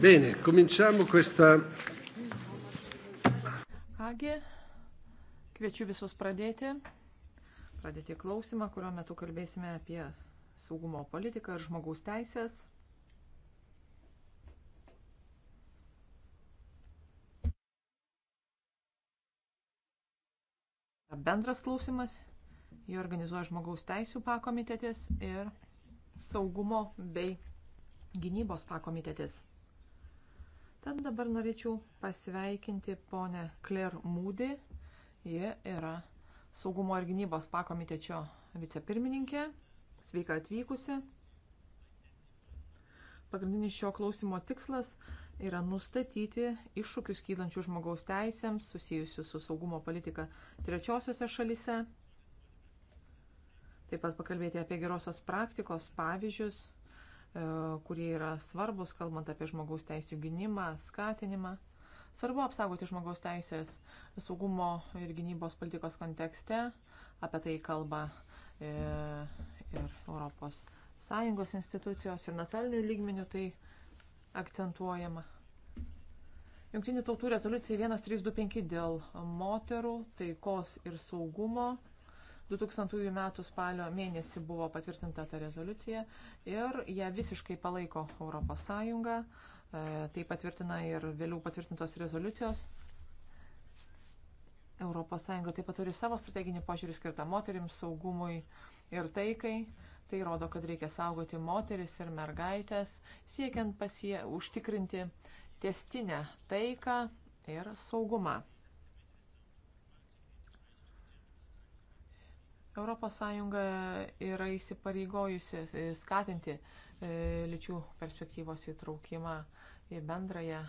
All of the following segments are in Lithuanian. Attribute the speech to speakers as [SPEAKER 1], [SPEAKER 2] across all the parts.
[SPEAKER 1] Bene, cominciamo questa.
[SPEAKER 2] Kągi, kviečiu visus pradėti. Pradėti klausimą, kurio metu kalbėsime apie saugumo politiką ir žmogaus teisės. Bendras klausimas, jį organizuoja žmogaus teisų pakomitėtis ir saugumo bei gynybos pakomitėtis. Tad dabar norėčiau pasveikinti ponę Claire Moody. Ji yra saugumo ir gynybos pakomitečio vicepirmininkė. Sveika atvykusi. Pagrindinis šio klausimo tikslas yra nustatyti iššūkius kylančių žmogaus teisėms susijusius su saugumo politika trečiosiose šalise. Taip pat pakalbėti apie gerosios praktikos pavyzdžius E, kurie yra svarbus, kalbant apie žmogaus teisų gynimą, skatinimą. Svarbu apsaugoti žmogaus teisės saugumo ir gynybos politikos kontekste, apie tai kalba e, ir Europos Sąjungos institucijos ir nacionalinių lygmenių tai akcentuojama. Junktinių tautų rezoliucija 1325 dėl moterų, taikos ir saugumo 2000 metų spalio mėnesį buvo patvirtinta ta rezoliucija ir ją visiškai palaiko ES, e, tai patvirtina ir vėliau patvirtintos rezoliucijos. ES taip pat turi savo strateginį požiūrį skirtą moterims, saugumui ir taikai. Tai rodo, kad reikia saugoti moteris ir mergaitės, siekiant pasie užtikrinti testinę taiką ir saugumą. ES yra įsipareigojusi skatinti e, lyčių perspektyvos įtraukimą į bendrąją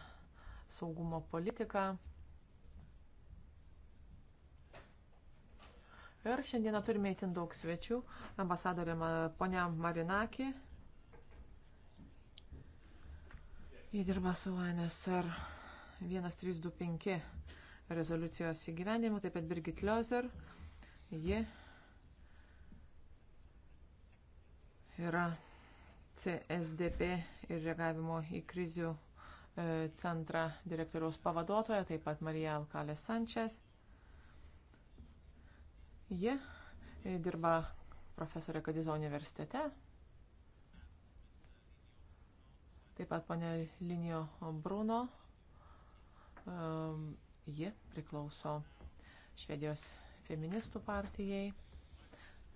[SPEAKER 2] saugumo politiką. Ir šiandieną turime įtin daug svečių. Ambasadorė ponia Marinaki. Jį dirba su NSR 1325 rezoliucijos įgyvendimu, taip pat Birgit Liozer. Ji yra CSDP ir reagavimo į krizių e, centrą direktoriaus pavaduotoja, taip pat Marija Alkalė Sančias. Ji e, dirba profesorė Kadizo universitete. Taip pat ponė Linio Bruno. Ji priklauso Švedijos feministų partijai.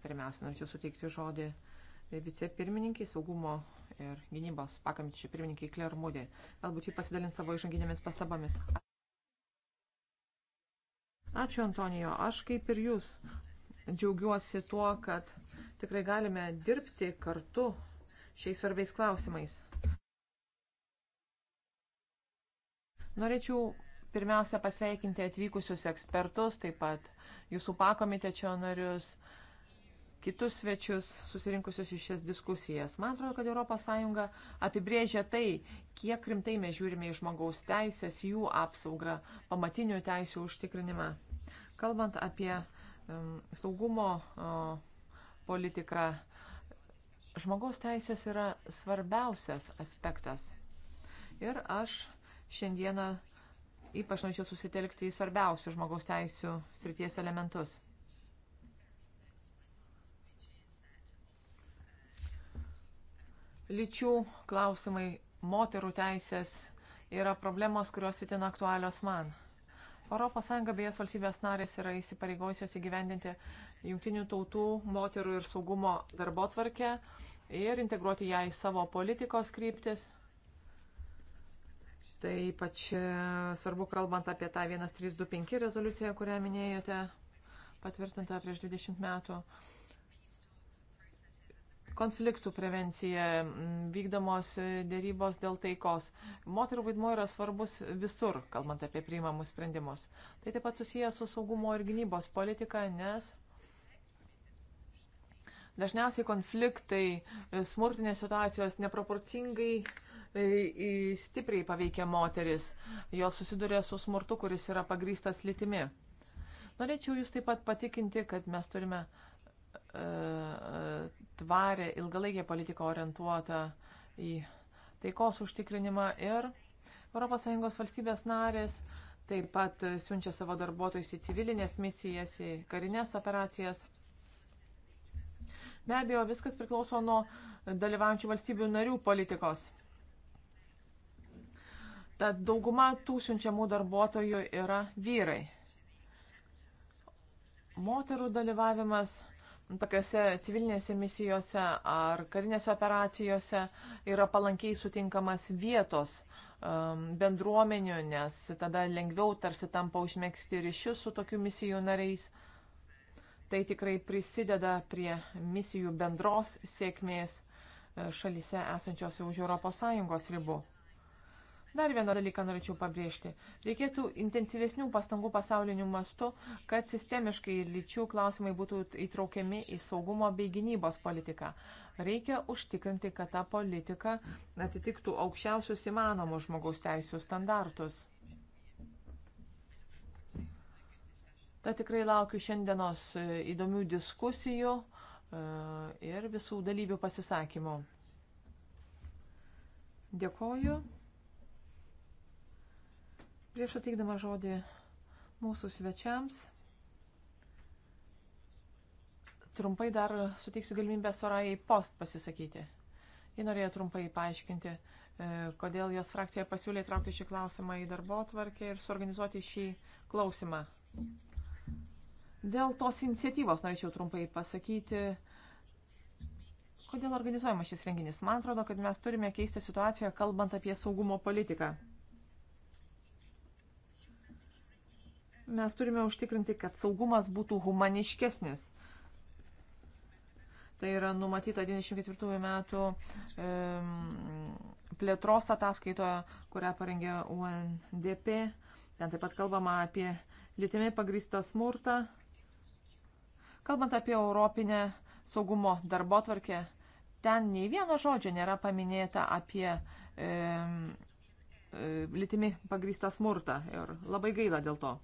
[SPEAKER 2] Pirmiausia, norėčiau suteikti žodį vicepirmininkiai, saugumo ir gynybos pakomitečio pirmininkiai Claire Moody. Galbūt jį pasidalins savo išanginėmis pastabomis. Ačiū, Antonijo. Aš kaip ir jūs džiaugiuosi tuo, kad tikrai galime dirbti kartu šiais svarbiais klausimais. Norėčiau pirmiausia pasveikinti atvykusius ekspertus, taip pat jūsų pakomitečio narius, uh, kitus svečius susirinkusius į šias diskusijas. Man atrodo, kad ES apibrėžia tai, kiek rimtai mes žiūrime į žmogaus teisės, jų apsaugą, pamatinių teisų užtikrinimą. Kalbant apie um, saugumo o, politiką, žmogaus teisės yra svarbiausias aspektas. Ir aš šiandieną ypač norėčiau susitelkti į svarbiausius žmogaus teisų srities elementus. Lyčių klausimai, moterų teisės yra problemos, kurios itin aktualios man. ES bejas valstybės narės yra įsipareigojusios įgyvendinti jungtinių tautų moterų ir saugumo darbo tvarkę ir integruoti ją į savo politikos kryptis. Tai ypač e, svarbu kalbant apie tą 1325 rezoliuciją, kurią minėjote, patvirtintą prieš 20 metų konfliktų prevencija, vykdomos e, dėrybos dėl taikos. Moterų vaidmuo yra svarbus visur, kalbant apie priimamus sprendimus. Tai taip pat susijęs su saugumo ir gynybos politika, nes dažniausiai konfliktai, e, smurtinės situacijos neproporcingai e, stipriai paveikia moteris. Jos susiduria su smurtu, kuris yra pagrystas litimi. Norėčiau jūs taip pat patikinti, kad mes turime uh, E, e, tvarę ilgalaikę politiką orientuotą į taikos užtikrinimą ir ES valstybės narės taip pat siunčia savo darbuotojus į civilinės misijas, į karinės operacijas. Be abejo, viskas priklauso nuo dalyvaujančių valstybių narių politikos. Tad dauguma tų siunčiamų darbuotojų yra vyrai. Moterų dalyvavimas tokiuose civilinėse misijose ar karinėse operacijose yra palankiai sutinkamas vietos um, bendruomenių, nes tada lengviau tarsi tampa užmėgsti ryšius su tokių misijų nariais. Tai tikrai prisideda prie misijų bendros sėkmės uh, šalyse esančiose už ES ribų. Dar vieną dalyką norėčiau pabrėžti. Reikėtų intensyvesnių pastangų pasauliniu mastu, kad sistemiškai lyčių klausimai būtų įtraukiami į saugumo bei gynybos politiką. Reikia užtikrinti, kad ta politika atitiktų aukščiausius įmanomus žmogaus teisų standartus. Ta tikrai laukiu šiandienos e, įdomių diskusijų e, ir visų dalyvių pasisakymų. Dėkoju. Prieš ateikdama žodį mūsų svečiams, trumpai dar suteiksiu galimybę Sorajai Post pasisakyti. Ji norėjo trumpai paaiškinti, e, kodėl jos frakcija pasiūlė įtraukti šį klausimą į darbo tvarkę ir suorganizuoti šį klausimą. Dėl tos iniciatyvos norėčiau trumpai pasakyti, kodėl organizuojamas šis renginys. Man atrodo, kad mes turime keisti situaciją, kalbant apie saugumo politiką. Mes turime užtikrinti, kad saugumas būtų humaniškesnis. Tai yra numatyta 94 metų e, plėtros ataskaitoje, kurią parengė UNDP. Ten taip pat kalbama apie lytimi pagrįstą smurtą. Kalbant apie Europinę saugumo darbo tvarkę, ten nei vieno žodžio nėra paminėta apie e, e, lytimi pagrįstą smurtą. Ir labai gaila dėl to.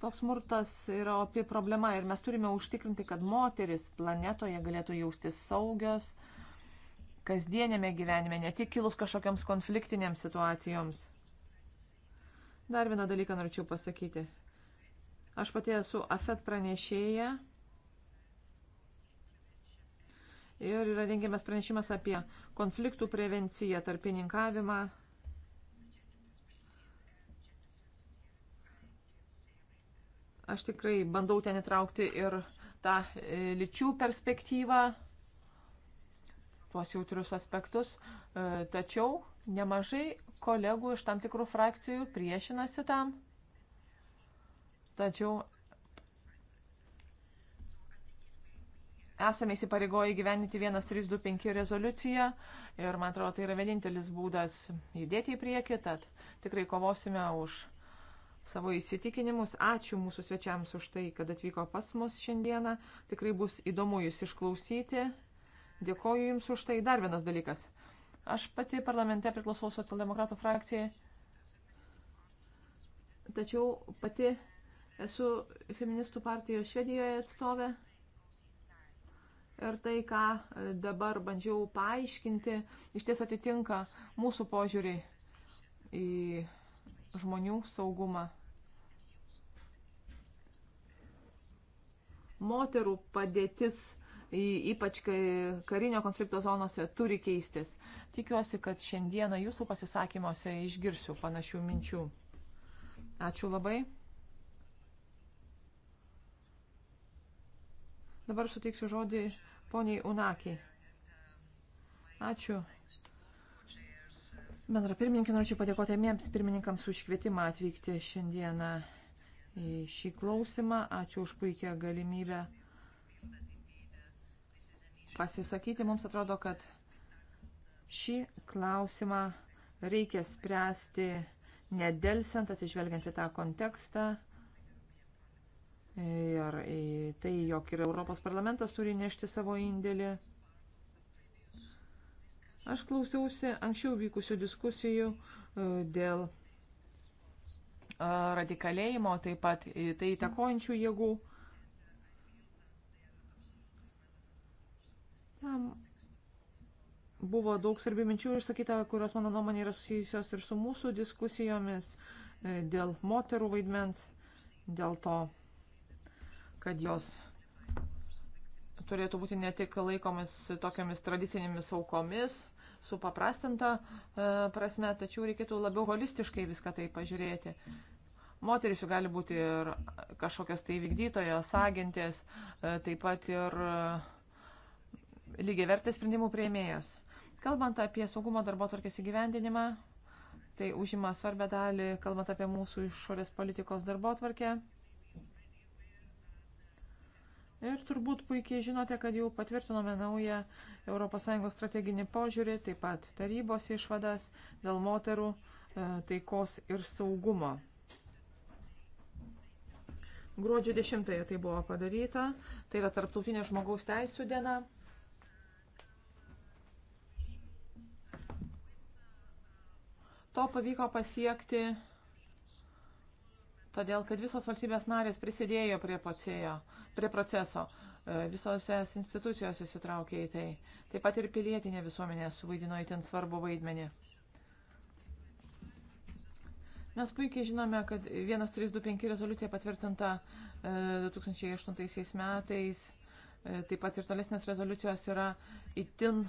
[SPEAKER 2] Toks smurtas yra opi problema ir mes turime užtikrinti, kad moteris planetoje galėtų jaustis saugios kasdienėme gyvenime, ne tik kilus kažkokiams konfliktinėms situacijoms. Dar vieną dalyką norėčiau pasakyti. Aš pati esu AFET pranešėja ir yra rengiamas pranešimas apie konfliktų prevenciją, tarpininkavimą Aš tikrai bandau ten įtraukti ir tą e, lyčių perspektyvą, tuos jautrius aspektus. E, tačiau nemažai kolegų iš tam tikrų frakcijų priešinasi tam. Tačiau esame įsipareigoję gyveninti 1325 rezoliuciją ir man atrodo tai yra vienintelis būdas judėti į priekį, tad tikrai kovosime už savo įsitikinimus. Ačiū mūsų svečiams už tai, kad atvyko pas mus šiandieną. Tikrai bus įdomu jūs išklausyti. Dėkoju Jums už tai. Dar vienas dalykas. Aš pati parlamente priklausau socialdemokratų frakcijai, tačiau pati esu feministų partijos Švedijoje atstovė. Ir tai, ką dabar bandžiau paaiškinti, iš ties atitinka mūsų požiūrį į žmonių saugumą. Moterų padėtis, ypač karinio konflikto zonose, turi keistis. Tikiuosi, kad šiandieną jūsų pasisakymuose išgirsiu panašių minčių. Ačiū labai. Dabar suteiksiu žodį poniai Unaki. Ačiū. Bendra pirmininkė, norėčiau padėkoti abiems pirmininkams už kvietimą atvykti šiandieną į šį klausimą. Ačiū už puikią galimybę pasisakyti. Mums atrodo, kad šį klausimą reikia spręsti nedelsiant, atsižvelgiant į tą kontekstą. Ir tai, jog ir Europos parlamentas turi nešti savo indėlį. Aš klausiausi anksčiau vykusių diskusijų e, dėl e, radikalėjimo, taip pat tai įtakojančių jėgų. Tam buvo daug svarbių minčių išsakyta, kurios mano nuomonė yra susijusios ir su mūsų diskusijomis e, dėl moterų vaidmens, dėl to, kad jos turėtų būti ne tik laikomis tokiamis tradicinėmis aukomis, supaprastinta e, prasme, tačiau reikėtų labiau holistiškai viską tai pažiūrėti. Moteris jau gali būti ir kažkokios tai vykdytojos, agentės, e, taip pat ir e, lygiai vertės sprendimų prieimėjos. Kalbant apie saugumo darbo tvarkės įgyvendinimą, tai užima svarbę dalį, kalbant apie mūsų išorės politikos darbo tvarkę. Ir turbūt puikiai žinote, kad jau patvirtinome naują ES strateginį požiūrį, taip pat tarybos išvadas dėl moterų e, taikos ir saugumo. Gruodžio 10-ąją tai buvo padaryta, tai yra Tarptautinė žmogaus teisų diena. To pavyko pasiekti todėl kad visos valstybės narės prisidėjo prie, pocėjo, prie proceso, e, visos es institucijos įsitraukė į tai. Taip pat ir pilietinė visuomenė suvaidino įtin svarbu vaidmenį. Mes puikiai žinome, kad 1325 rezoliucija patvirtinta 2008 e, metais, e, taip pat ir tolesnės rezoliucijos yra itin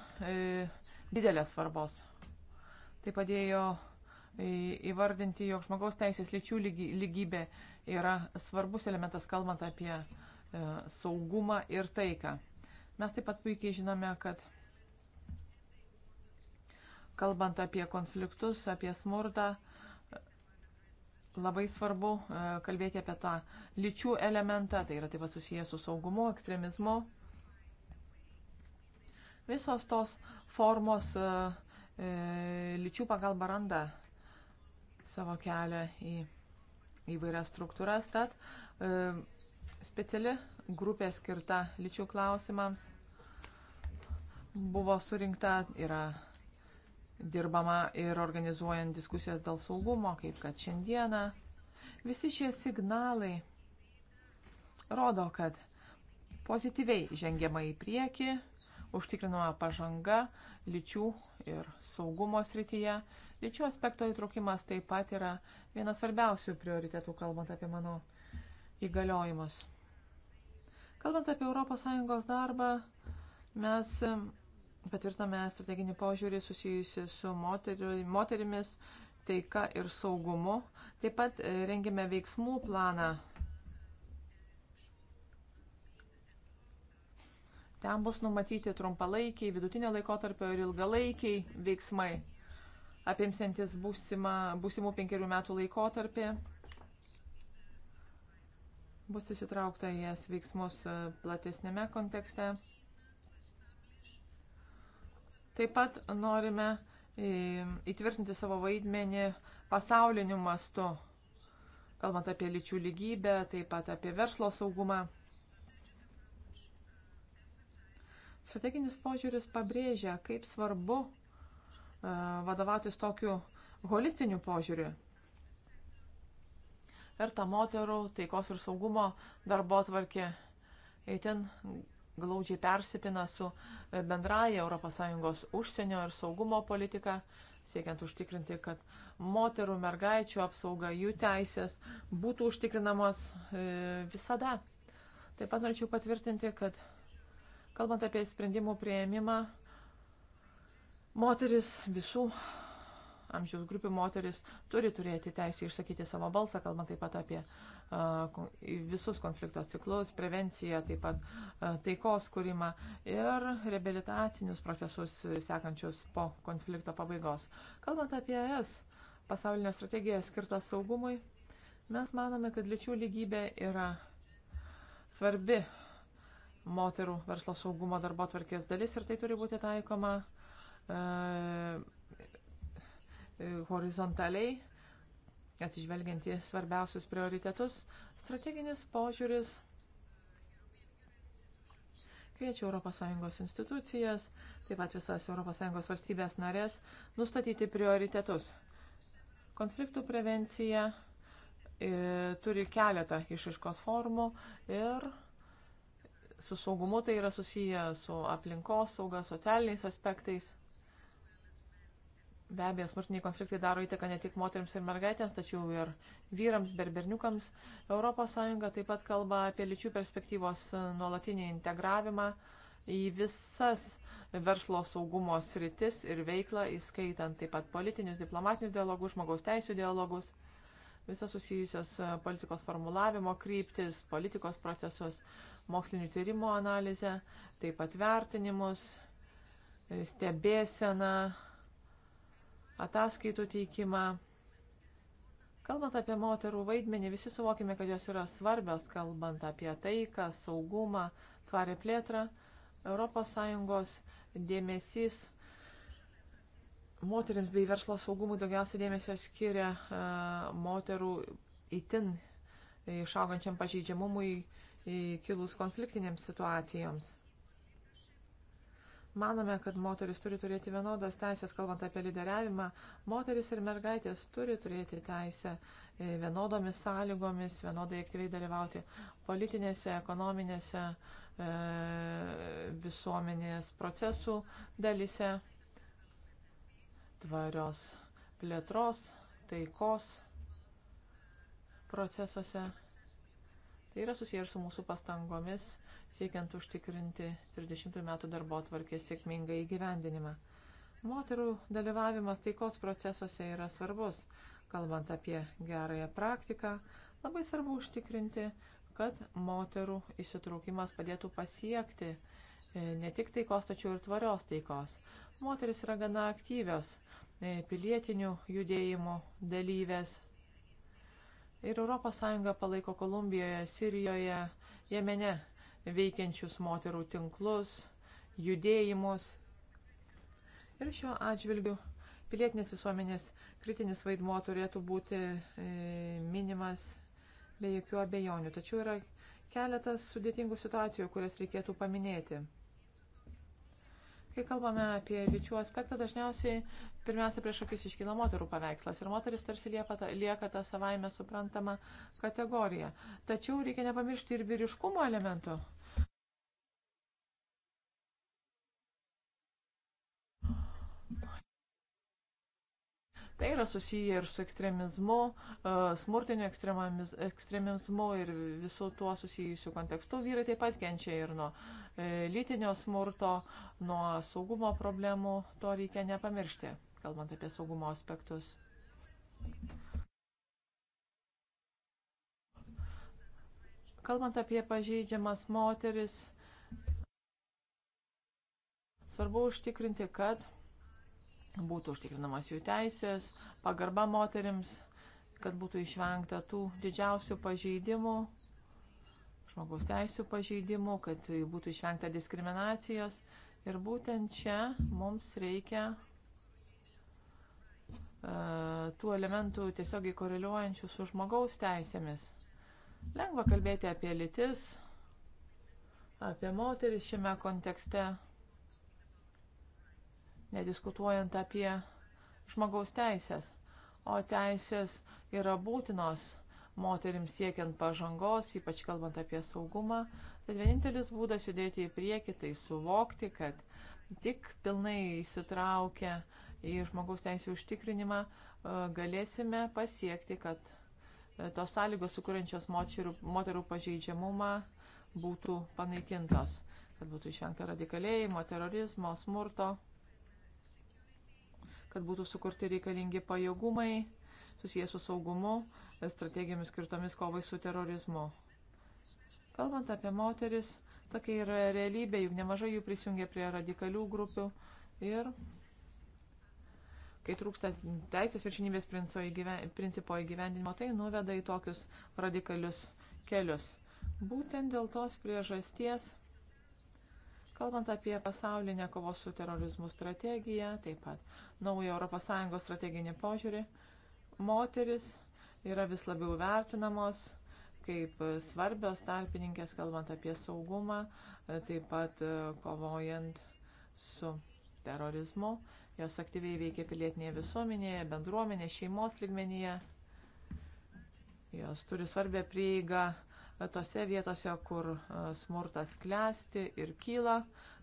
[SPEAKER 2] didelės svarbos. Tai padėjo įvardinti, jog žmogaus teisės lyčių lygybė yra svarbus elementas, kalbant apie e, saugumą ir taiką. Mes taip pat puikiai žinome, kad kalbant apie konfliktus, apie smurtą, labai svarbu e, kalbėti apie tą lyčių elementą, tai yra taip pat susijęs su saugumu, ekstremizmu. Visos tos formos e, lyčių pagalba randa savo kelią į įvairias struktūras. Tad e, speciali grupė skirta lyčių klausimams buvo surinkta, yra dirbama ir organizuojant diskusijas dėl saugumo, kaip kad šiandieną. Visi šie signalai rodo, kad pozityviai žengiama į priekį, užtikrinama pažanga lyčių ir saugumo srityje Lyčių aspekto įtraukimas taip pat yra vienas svarbiausių prioritetų, kalbant apie mano įgaliojimus. Kalbant apie ES darbą, mes patvirtame strateginį požiūrį susijusi su moteriu, moterimis, taika ir saugumu. Taip pat e, rengime veiksmų planą. Ten bus numatyti trumpalaikiai, vidutinio laikotarpio ir ilgalaikiai veiksmai apimsiantis būsimą, būsimų penkerių metų laikotarpį. Bus įsitraukta į jas veiksmus e, platesnėme kontekste. Taip pat norime e, įtvirtinti savo vaidmenį pasauliniu mastu, kalbant apie lyčių lygybę, taip pat apie verslo saugumą. Strateginis požiūris pabrėžia, kaip svarbu E, vadovautis tokiu holistiniu požiūriu. Ir ta moterų taikos ir saugumo darbo atvarkė įtin glaudžiai persipina su bendraja ES užsienio ir saugumo politika, siekiant užtikrinti, kad moterų mergaičių apsauga, jų teisės būtų užtikrinamos e, visada. Taip pat norėčiau patvirtinti, kad kalbant apie sprendimų prieimimą, Moteris visų amžiaus grupių moteris turi turėti teisę išsakyti savo balsą, kalbant taip pat apie uh, visus konflikto ciklus, prevenciją, taip pat uh, taikos kūrimą ir rehabilitacinius procesus sekančius po konflikto pabaigos. Kalbant apie ES, pasaulinę strategiją skirtą saugumui, mes manome, kad lyčių lygybė yra svarbi moterų verslo saugumo darbo tvarkės dalis ir tai turi būti taikoma uh, E, horizontaliai, atsižvelgiant į svarbiausius prioritetus, strateginis požiūris kviečia ES institucijas, taip pat visas ES valstybės narės nustatyti prioritetus. Konfliktų prevencija e, turi keletą išaiškos formų ir su saugumu tai yra susiję su aplinkos sauga, socialiniais aspektais. Be abejo, smurtiniai konfliktai daro įtaką ne tik moteriams ir mergaitėms, tačiau ir vyrams, berberniukams. ES taip pat kalba apie lyčių perspektyvos e, nuolatinį integravimą į visas verslo saugumo sritis ir veiklą, įskaitant taip pat politinius, diplomatinius dialogus, žmogaus teisų dialogus, visas susijusias e, politikos formulavimo kryptis, politikos procesus, mokslinių tyrimų analizę, taip pat vertinimus, e, stebėseną ataskaitų teikimą. Kalbant apie moterų vaidmenį, visi suvokime, kad jos yra svarbios, kalbant apie taiką, saugumą, tvarę plėtrą. ES dėmesys moteriams bei verslo saugumui daugiausiai dėmesio skiria e, moterų įtin išaugančiam pažeidžiamumui e, kilus konfliktinėms situacijoms. Manome, kad moteris turi turėti vienodas teisės, kalbant apie lyderiavimą. Moteris ir mergaitės turi turėti teisę e, vienodomis sąlygomis, vienodai aktyviai dalyvauti politinėse, ekonominėse, e, visuomenės procesų dalise, tvarios plėtros, taikos procesuose. Tai yra susiję ir su mūsų pastangomis siekiant užtikrinti 30 metų darbo atvarkės sėkmingą įgyvendinimą. Moterų dalyvavimas taikos procesuose yra svarbus. Kalbant apie gerąją praktiką, labai svarbu užtikrinti, kad moterų įsitraukimas padėtų pasiekti e, ne tik taikos, tačiau ir tvarios taikos. Moteris yra gana aktyvios e, pilietinių judėjimų dalyvės, Ir ES palaiko Kolumbijoje, Sirijoje, Jemene veikiančius moterų tinklus, judėjimus. Ir šiuo atžvilgiu pilietinės visuomenės kritinis vaidmuo turėtų būti e, minimas be jokių abejonių. Tačiau yra keletas sudėtingų situacijų, kurias reikėtų paminėti. Kai kalbame apie lyčių aspektą, dažniausiai pirmiausia prieš akis iškyla moterų paveikslas ir moteris tarsi lieka ta, lieka ta savaime suprantama kategorija. Tačiau reikia nepamiršti ir vyriškumo elementų. Tai yra susiję ir su ekstremizmu, e, smurtiniu ekstremizmu ir visų tuo susijusiu kontekstu. Vyrai taip pat kenčia ir nuo lytinio smurto, nuo saugumo problemų. To reikia nepamiršti, kalbant apie saugumo aspektus. Kalbant apie pažeidžiamas moteris, svarbu užtikrinti, kad būtų užtikrinamas jų teisės, pagarba moterims, kad būtų išvengta tų didžiausių pažeidimų žmogaus teisų pažeidimų, kad tai būtų išvengta diskriminacijos. Ir būtent čia mums reikia e, tų elementų tiesiogiai koreliuojančių su žmogaus teisėmis. Lengva kalbėti apie lytis, apie moteris šiame kontekste, nediskutuojant apie žmogaus teisės. O teisės yra būtinos moterims siekiant pažangos, ypač kalbant apie saugumą. Tad vienintelis būdas judėti į priekį tai suvokti, kad tik pilnai įsitraukę į žmogaus teisų užtikrinimą e, galėsime pasiekti, kad e, tos sąlygos sukūrenčios moterų, moterų pažeidžiamumą būtų panaikintos, kad būtų išvengta radikalėjimo, terorizmo, smurto, kad būtų sukurti reikalingi pajėgumai susijęs su saugumu, strategijomis skirtomis kovai su terorizmu. Kalbant apie moteris, tokia yra realybė, juk nemažai jų prisijungia prie radikalių grupių ir kai trūksta teisės viršinybės principo įgyvendinimo, tai nuveda į tokius radikalius kelius. Būtent dėl tos priežasties, kalbant apie pasaulinę kovos su terorizmu strategiją, taip pat naują ES strateginį požiūrį, moteris yra vis labiau vertinamos kaip svarbios tarpininkės, kalbant apie saugumą, taip pat e, kovojant su terorizmu. Jos aktyviai veikia pilietinėje visuomenėje, bendruomenėje, šeimos ligmenyje. Jos turi svarbę prieigą e, tose vietose, kur e, smurtas klesti ir kyla.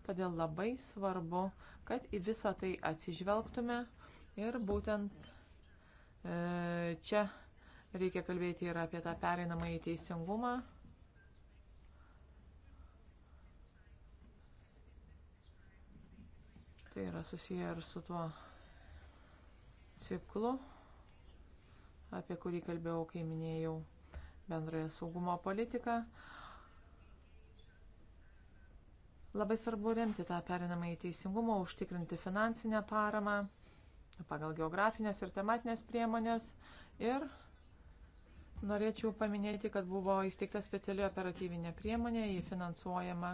[SPEAKER 2] Todėl labai svarbu, kad į visą tai atsižvelgtume ir būtent čia Reikia kalbėti ir apie tą pereinamąjį teisingumą. Tai yra susiję ir su tuo ciklu, apie kurį kalbėjau, kai minėjau bendrąją saugumo politiką. Labai svarbu remti tą perinamą į teisingumą, užtikrinti finansinę paramą pagal geografinės ir tematinės priemonės ir Norėčiau paminėti, kad buvo įsteigta speciali operatyvinė priemonė, jį finansuojama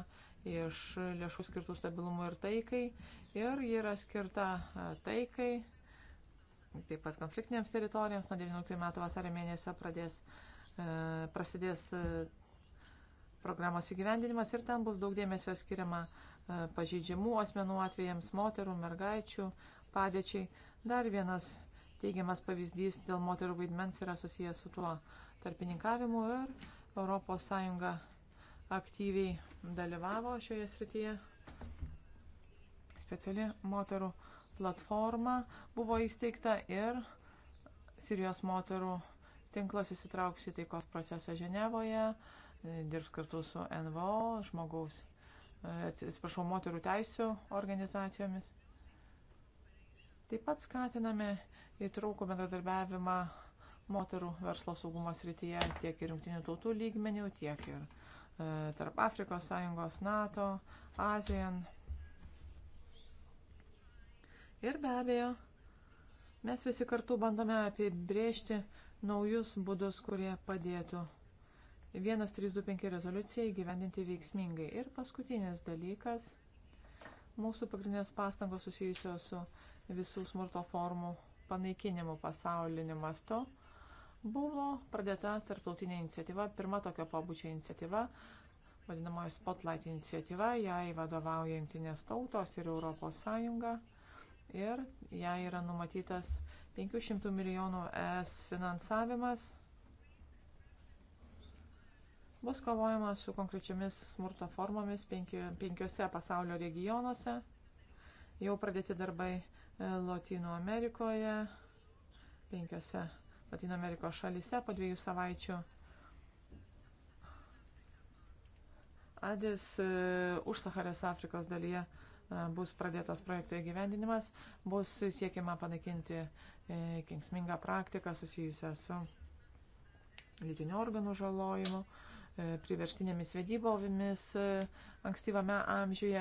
[SPEAKER 2] iš lėšų skirtų stabilumui ir taikai. Ir ji yra skirta taikai, taip pat konfliktinėms teritorijoms. Nuo 19 metų vasario mėnesio pradės, prasidės programos įgyvendinimas ir ten bus daug dėmesio skiriama pažeidžiamų asmenų atvejams, moterų, mergaičių padėčiai. Dar vienas Teigiamas pavyzdys dėl moterų vaidmens yra susijęs su tuo tarpininkavimu ir ES aktyviai dalyvavo šioje srityje. Speciali moterų platforma buvo įsteigta ir Sirijos moterų tinklas įsitrauks į taikos procesą Ženevoje, dirbs kartu su NVO, žmogaus, e, atsiprašau, moterų teisų organizacijomis. Taip pat skatiname įtraukų bendradarbiavimą moterų verslo saugumo srityje tiek ir jungtinių tautų lygmenių, tiek ir e, tarp Afrikos sąjungos, NATO, ASEAN. Ir be abejo, mes visi kartu bandome apibrėžti naujus būdus, kurie padėtų 1325 rezoliuciją įgyvendinti veiksmingai. Ir paskutinis dalykas - mūsų pagrindinės pastangos susijusios su visų smurto formų panaikinimu pasauliniu mastu, buvo pradėta tarptautinė iniciatyva, pirma tokio pabučio iniciatyva, vadinamoji Spotlight iniciatyva, jai vadovauja Junktinės tautos ir Europos Sąjunga ir jai yra numatytas 500 milijonų ES finansavimas. Bus kovojama su konkrečiamis smurto formomis penki, penkiose pasaulio regionuose. Jau pradėti darbai Latino Amerikoje, penkiose Latino Amerikos šalyse po dviejų savaičių. Adis e, už Saharės Afrikos dalyje e, bus pradėtas projekto įgyvendinimas, bus siekiama panaikinti e, kengsmingą praktiką susijusią su lytinių organų žalojimu. E, priverstinėmis vedybovimis e, ankstyvame amžiuje.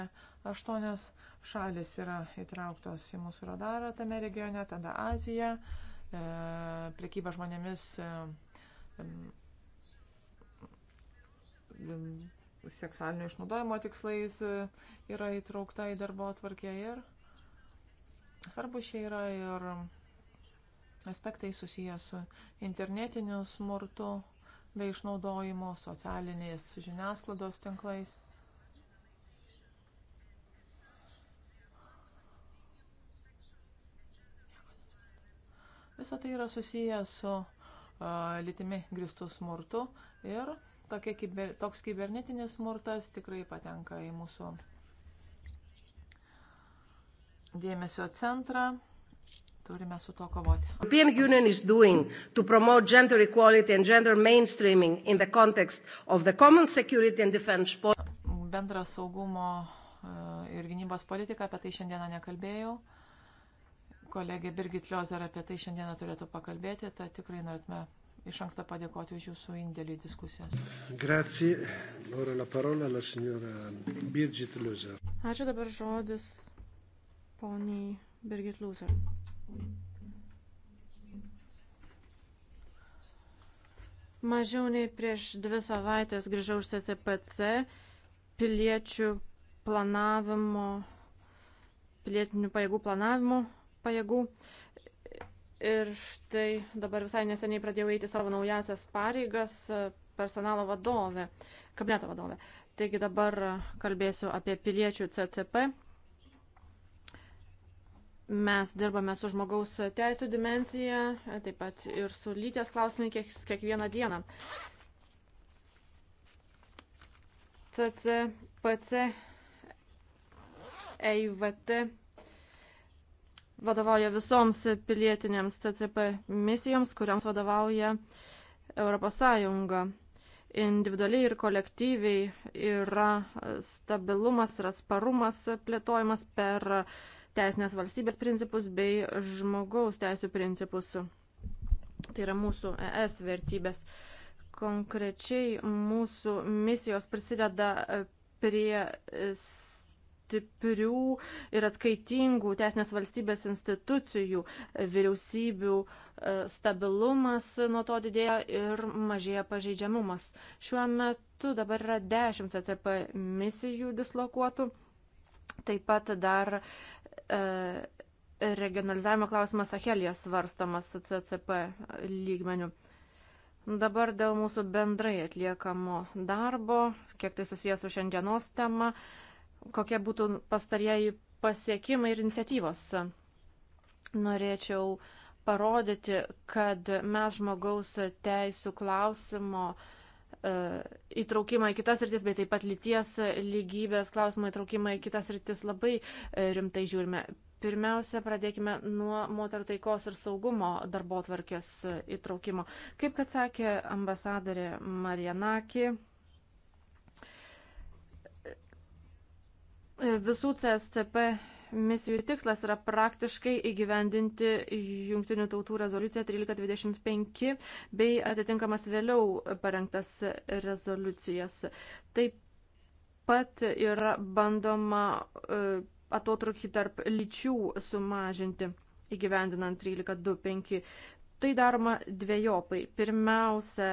[SPEAKER 2] Aštuonios šalis yra įtrauktos į mūsų radarą tame regione, tada Azija, e, priekyba žmonėmis seksualinio išnaudojimo tikslais yra įtraukta į darbo atvarkę ir svarbu šie yra ir aspektai susiję su internetiniu smurtu bei išnaudojimo socialinės žiniasklaidos tinklais. Visą tai yra susiję su uh, litimi gristų smurtu ir tokie, kiber, toks kibernetinis smurtas tikrai patenka į mūsų dėmesio centrą turime su tuo kovoti.
[SPEAKER 3] European Union is doing to promote gender equality and gender mainstreaming in the context of the common security and defense policy.
[SPEAKER 2] Bendra saugumo e, ir gynybos politika, apie tai šiandieną nekalbėjau. Kolegė Birgit Liozer apie tai šiandieną turėtų pakalbėti, tad tikrai norėtume iš anksto padėkoti už jūsų indėlį į diskusijas.
[SPEAKER 1] Grazie. Ora la parola la signora Birgit Liozer. Ačiū dabar žodis poniai Birgit Liozer. Mažiau nei prieš dvi savaitės grįžau iš CCPC piliečių planavimo, pilietinių pajėgų planavimo pajėgų. Ir štai dabar visai neseniai pradėjau eiti savo naujasias pareigas e, personalo vadovė, kabineto vadovė. Taigi dabar kalbėsiu apie piliečių CCP Mes dirbame su žmogaus teisų dimencija, taip pat ir su lyties klausimai kiek, kiekvieną dieną. Tad PC EIVT vadovauja visoms pilietinėms TCP misijoms, kuriams vadovauja ES. Individualiai ir kolektyviai yra stabilumas ir atsparumas plėtojimas per uh, teisinės valstybės principus bei žmogaus teisų principus. Tai yra mūsų ES vertybės. Konkrečiai mūsų misijos prisideda e, prie e, stiprių ir atskaitingų teisinės valstybės institucijų, vyriausybių e, stabilumas nuo to didėja ir mažėja pažeidžiamumas. Šiuo metu dabar yra 10 CCP misijų dislokuotų. Taip pat dar E, regionalizavimo klausimas Achelija svarstamas CCP lygmenių. Dabar dėl mūsų bendrai atliekamo darbo, kiek tai susijęs su šiandienos tema, kokie būtų pastarieji pasiekimai ir iniciatyvos. Norėčiau parodyti, kad mes žmogaus teisų klausimo uh, E, įtraukimą į kitas rytis, bet taip pat lyties e, lygybės klausimą įtraukimą į kitas rytis labai e, rimtai žiūrime. Pirmiausia, pradėkime nuo moterų taikos ir saugumo darbo tvarkės įtraukimo. Kaip kad sakė ambasadorė Marianaki, visų CSCP misijų tikslas yra praktiškai įgyvendinti Junktinių tautų rezoliuciją 1325 bei atitinkamas vėliau parengtas rezoliucijas. Taip pat yra bandoma e, atotrukį tarp lyčių sumažinti įgyvendinant 1325. Tai daroma dviejopai. Pirmiausia,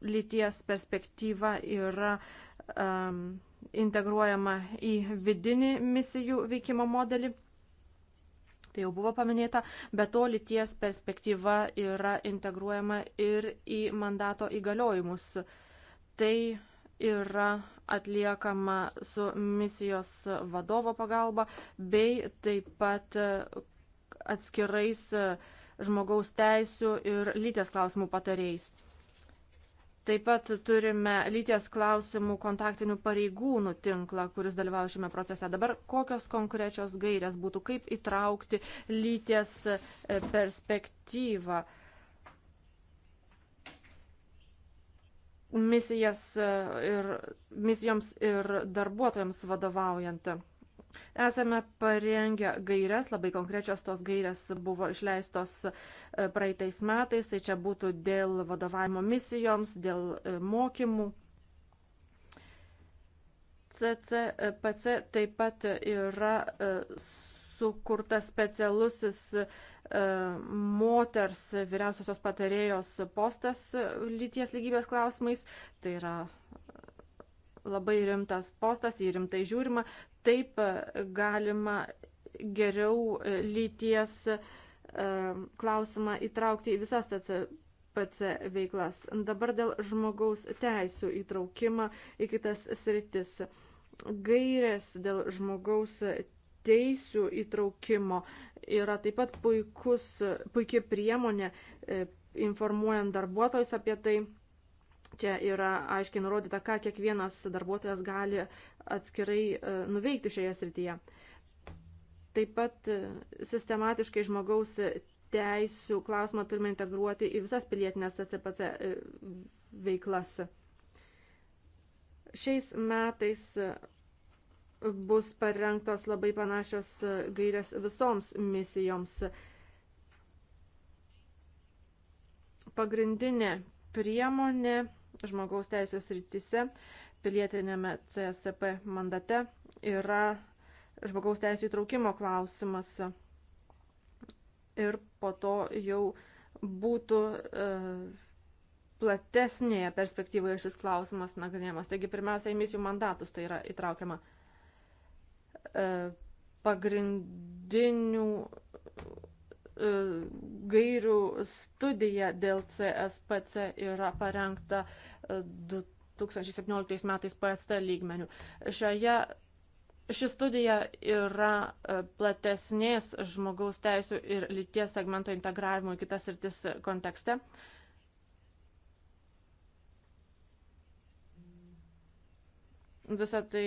[SPEAKER 1] lyties perspektyva yra um, integruojama į vidinį misijų veikimo modelį. Tai jau buvo paminėta, bet to lyties perspektyva yra integruojama ir į mandato įgaliojimus. Tai yra atliekama su misijos vadovo pagalba bei taip pat atskirais žmogaus teisų ir lyties klausimų patarėjais. Taip pat turime lyties klausimų kontaktinių pareigūnų tinklą, kuris dalyvauja šiame procese. Dabar kokios konkrečios gairės būtų, kaip įtraukti lyties e, perspektyvą? Misijas e, ir, misijoms ir darbuotojams vadovaujant. Esame parengę gairias, labai konkrečios tos gairias buvo išleistos e, praeitais metais, tai čia būtų dėl vadovavimo misijoms, dėl e, mokymų. CCPC taip pat yra e, sukurtas specialusis moters vyriausiosios patarėjos postas lyties lygybės klausimais. Tai yra labai rimtas postas, jį rimtai žiūrima, Taip e, galima geriau e, lyties e, klausimą įtraukti į visas TCPC veiklas. Dabar dėl žmogaus teisų įtraukimą į kitas sritis. Gairės dėl žmogaus teisų įtraukimo yra taip pat puikus, puikia priemonė informuojant darbuotojus apie tai Čia yra aiškiai nurodyta, ką kiekvienas darbuotojas gali atskirai e, nuveikti šioje srityje. Taip pat e, sistematiškai žmogaus teisų klausimą turime integruoti į visas pilietinės CCPC e, veiklas. Šiais metais bus parengtos labai panašios gairės visoms misijoms. Pagrindinė priemonė žmogaus teisės rytise, pilietinėme CSP mandate yra žmogaus teisų įtraukimo klausimas. Ir po to jau būtų e, platesnėje perspektyvoje šis klausimas nagrinėjamas. Taigi pirmiausia, į misijų mandatus tai yra įtraukiama. E, pagrindinių E, gairių studija dėl CSPC yra parengta 2017 e, metais PST lygmenių. Šioje Ši studija yra e, platesnės žmogaus teisų ir lyties segmento integravimo į kitas rytis kontekste. Visą tai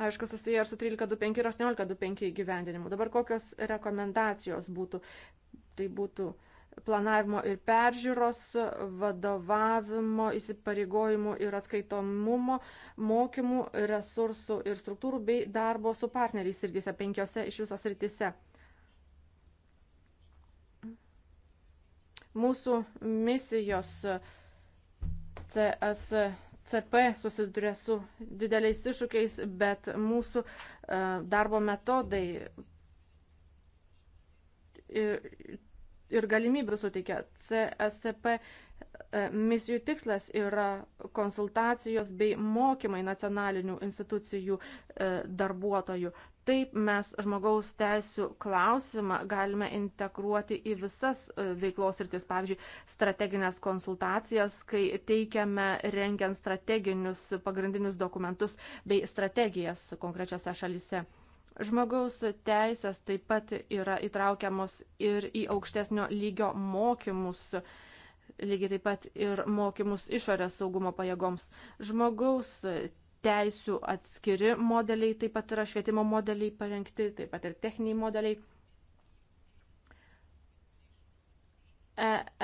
[SPEAKER 1] aišku, susiję ir su 13.25 ir 18.25 įgyvendinimu. Dabar kokios rekomendacijos būtų? Tai būtų planavimo ir peržiūros, vadovavimo, įsipareigojimų ir atskaitomumo, mokymų, resursų ir struktūrų bei darbo su partneriais srityse, penkiose iš visos srityse. Mūsų misijos CS CP susiduria su dideliais iššūkiais, bet mūsų e, darbo metodai ir galimybių suteikia. CSCP E, misijų tikslas yra konsultacijos bei mokymai nacionalinių institucijų e, darbuotojų. Taip mes žmogaus teisų klausimą galime integruoti į visas e, veiklos rytis, pavyzdžiui, strateginės konsultacijas, kai teikiame rengiant strateginius pagrindinius dokumentus bei strategijas konkrečiose šalise. Žmogaus teisės taip pat yra įtraukiamos ir į aukštesnio lygio mokymus lygiai taip pat ir mokymus išorės saugumo pajėgoms. Žmogaus teisų atskiri modeliai, taip pat yra švietimo modeliai parengti, taip pat ir techniniai modeliai.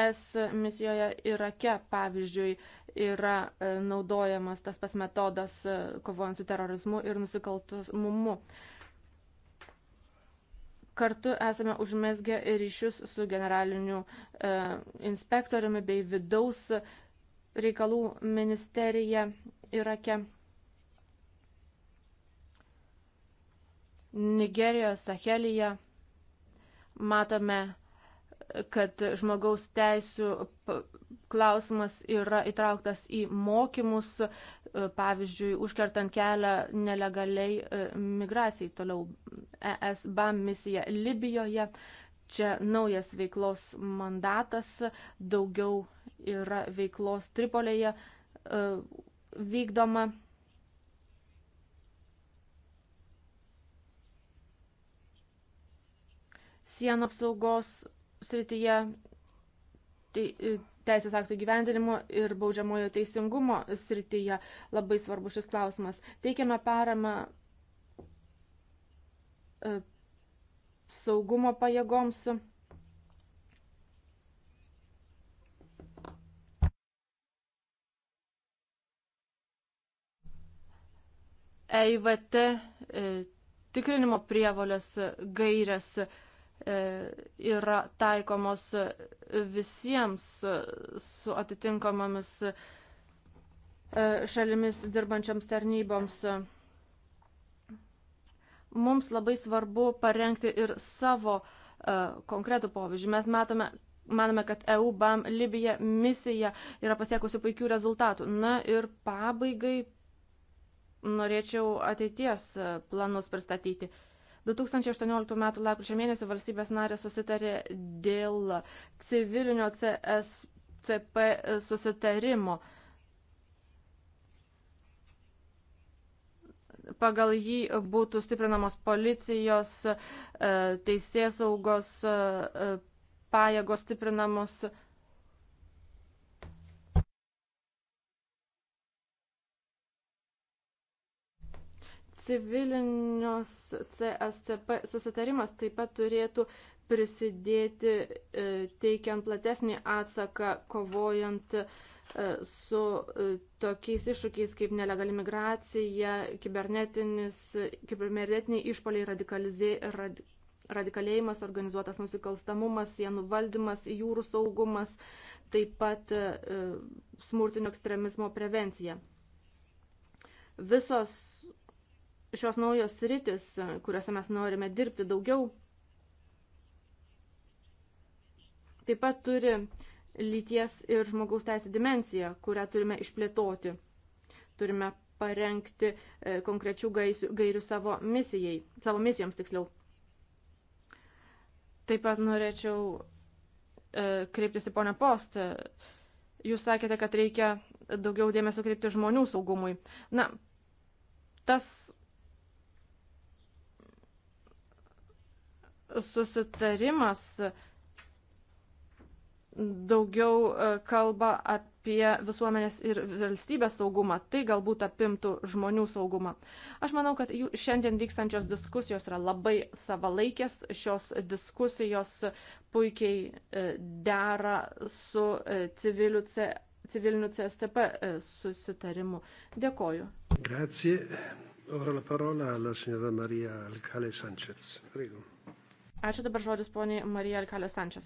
[SPEAKER 1] ES misijoje Irake, pavyzdžiui, yra e, naudojamas tas pas metodas e, kovojant su terorizmu ir nusikaltumumu. Uh, Kartu esame užmesgę ryšius su generaliniu e, inspektoriumi bei vidaus reikalų ministerija Irake. Nigerijoje, Sahelija matome kad žmogaus teisų klausimas yra įtrauktas į mokymus, e, pavyzdžiui, užkertant kelią nelegaliai e, migracijai toliau ESBA misija Libijoje. Čia naujas veiklos mandatas, daugiau yra veiklos Tripolėje e, vykdoma. Sienų apsaugos srityje e, teisės aktų gyvendinimo ir baudžiamojo teisingumo srityje labai svarbu šis klausimas. Teikiame paramą e, saugumo pajėgoms. EIVT e, tikrinimo prievolės gairias E, yra taikomos visiems su atitinkamomis e, šalimis dirbančiams tarnyboms. Mums labai svarbu parengti ir savo e, konkretų pavyzdžių. Mes matome, manome, kad EU BAM Libija misija yra pasiekusi puikių rezultatų. Na ir pabaigai norėčiau ateities planus pristatyti. Uh, 2018 m. lapkričio mėnesį valstybės narė susitarė dėl civilinio CSCP susitarimo. Pagal jį būtų stiprinamos policijos, e, teisės saugos, e, pajėgos stiprinamos. civilinios CSCP susitarimas taip pat turėtų prisidėti e, teikiant platesnį atsaką, kovojant e, su e, tokiais iššūkiais kaip nelegali migracija, kibernetiniai išpoliai, rad, radikalėjimas, organizuotas nusikalstamumas, sienų valdymas, jūrų saugumas, taip pat smurtinio ekstremizmo prevencija. Visos šios naujos rytis, kuriuose mes norime dirbti daugiau, taip pat turi lyties ir žmogaus teisų dimenciją, kurią turime išplėtoti. Turime parengti e, konkrečių gairių savo misijai, savo misijoms tiksliau. Taip pat norėčiau e, kreiptis į ponę Post. Jūs sakėte, kad reikia daugiau dėmesio kreipti žmonių saugumui. Na, tas susitarimas daugiau e, kalba apie visuomenės ir valstybės saugumą, tai galbūt apimtų žmonių saugumą. Aš manau, kad jų šiandien vykstančios diskusijos yra labai savalaikės, šios diskusijos puikiai e, dera su e, civiliu C, civiliniu CSTP susitarimu. Dėkoju. Grazie. Ora la parola alla signora Maria Alcale Sanchez. Prego. Ačiū dabar žodis poniai Marija Alkalė Sančias.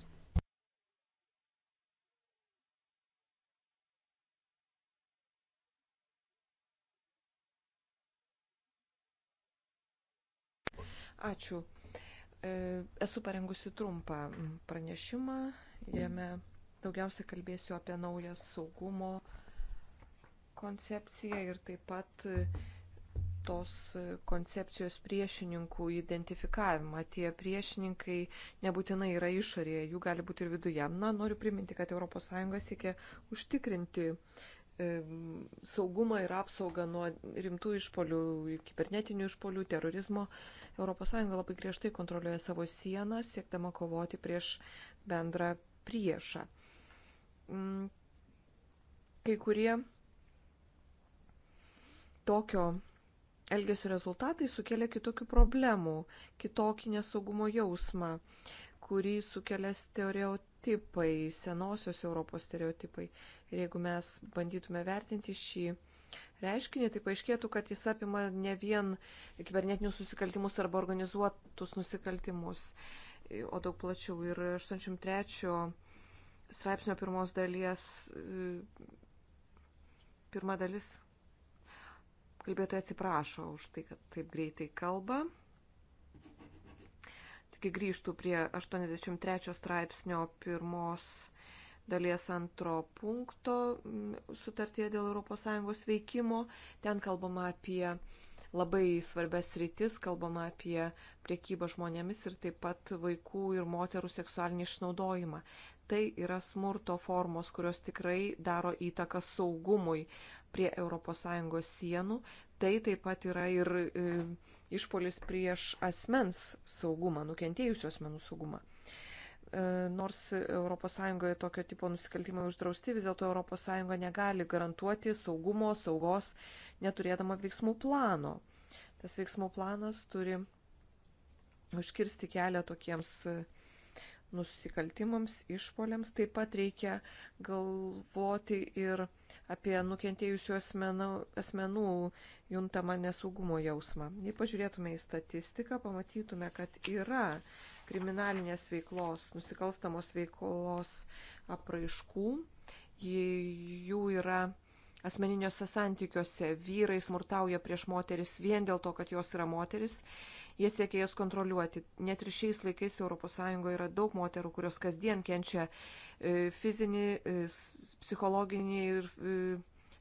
[SPEAKER 3] Ačiū. E, esu parengusi trumpą pranešimą. Jame daugiausia kalbėsiu apie naują saugumo koncepciją ir taip pat tos koncepcijos priešininkų identifikavimą. Tie priešininkai nebūtinai yra išorėje, jų gali būti ir viduje. Na, noriu priminti, kad ES siekia užtikrinti saugumą ir apsaugą nuo rimtų išpolių, kibernetinių išpolių, terorizmo. ES labai griežtai kontroliuoja savo sieną, siekdama kovoti prieš bendrą priešą. Mm, kai kurie tokio elgesio rezultatai sukelia kitokių problemų, kitokį nesaugumo jausmą, kurį sukelia stereotipai, senosios Europos stereotipai. Ir jeigu mes bandytume vertinti šį reiškinį, tai paaiškėtų, kad jis apima ne vien kibernetinius nusikaltimus arba organizuotus nusikaltimus, o daug plačiau. Ir 83 straipsnio pirmos dalies, pirma dalis Kalbėtoja atsiprašo už tai, kad taip greitai kalba. Tik grįžtų prie 83 straipsnio pirmos dalies antro punkto sutartie dėl ES veikimo. Ten kalbama apie labai svarbias rytis, kalbama apie priekybą žmonėmis ir taip pat vaikų ir moterų seksualinį išnaudojimą. Tai yra smurto formos, kurios tikrai daro įtaką saugumui prie ES sienų. Tai taip pat yra ir e, išpolis prieš asmens saugumą, nukentėjusių asmenų saugumą. E, nors ES tokio tipo nusikaltimai uždrausti, vis dėlto ES negali garantuoti saugumo, saugos, neturėdama veiksmų plano. Tas veiksmų planas turi užkirsti kelią tokiems uh, nusikaltimams, išpoliams. Taip pat reikia galvoti ir apie nukentėjusių asmenų, asmenų juntamą nesaugumo jausmą. Jei pažiūrėtume į statistiką, pamatytume, kad yra kriminalinės veiklos, nusikalstamos veiklos apraiškų. Jų yra asmeniniuose santykiuose. Vyrai smurtauja prieš moteris vien dėl to, kad jos yra moteris Jie siekia jas kontroliuoti. Net ir šiais laikais ES yra daug moterų, kurios kasdien kenčia e, fizinį, e, psichologinį ir e,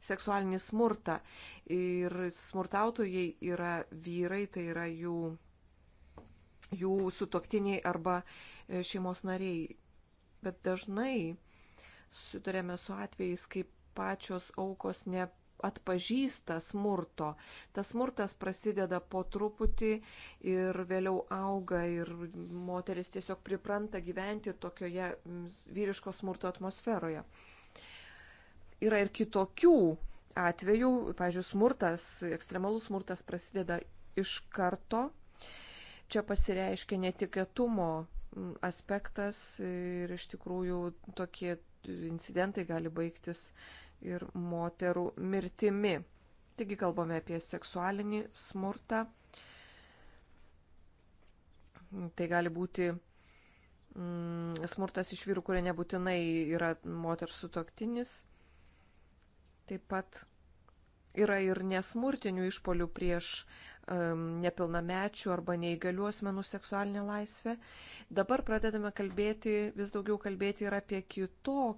[SPEAKER 3] seksualinį smurtą. Ir smurtautojai yra vyrai, tai yra jų, jų sutoktiniai arba šeimos nariai. Bet dažnai sutarėme su atvejais, kaip pačios aukos ne, atpažįsta smurto. Tas smurtas prasideda po truputį ir vėliau auga ir moteris tiesiog pripranta gyventi tokioje mm, vyriško smurto atmosferoje. Yra ir kitokių atvejų, pavyzdžiui, smurtas, ekstremalus smurtas prasideda iš karto. Čia pasireiškia netikėtumo mm, aspektas ir iš tikrųjų tokie incidentai gali baigtis ir moterų mirtimi. Taigi kalbame apie seksualinį smurtą. Tai gali būti mm, smurtas iš vyrų, kurie nebūtinai yra moters sutoktinis. Taip pat yra ir nesmurtinių išpolių prieš um, nepilnamečių arba neįgalių asmenų seksualinę laisvę. Dabar pradedame kalbėti, vis daugiau kalbėti ir apie kitokį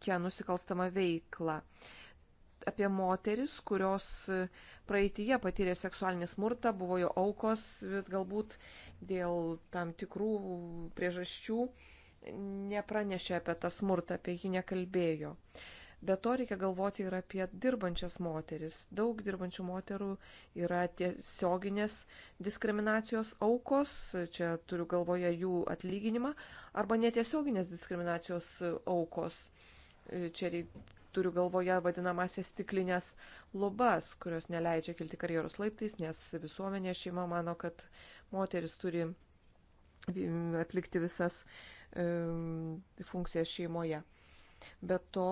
[SPEAKER 3] tokią nusikalstamą veiklą. Apie moteris, kurios praeitįje patyrė seksualinį smurtą, buvo jo aukos, bet galbūt dėl tam tikrų priežasčių nepranešė apie tą smurtą, apie jį nekalbėjo. Be to reikia galvoti ir apie dirbančias moteris. Daug dirbančių moterų yra tiesioginės diskriminacijos aukos, čia turiu galvoje jų atlyginimą, arba netiesioginės diskriminacijos aukos. Čia turiu galvoje vadinamasias stiklinės lubas, kurios neleidžia kilti karjeros laiptais, nes visuomenė šeima mano, kad moteris turi mm, atlikti visas e, funkcijas šeimoje. Be to,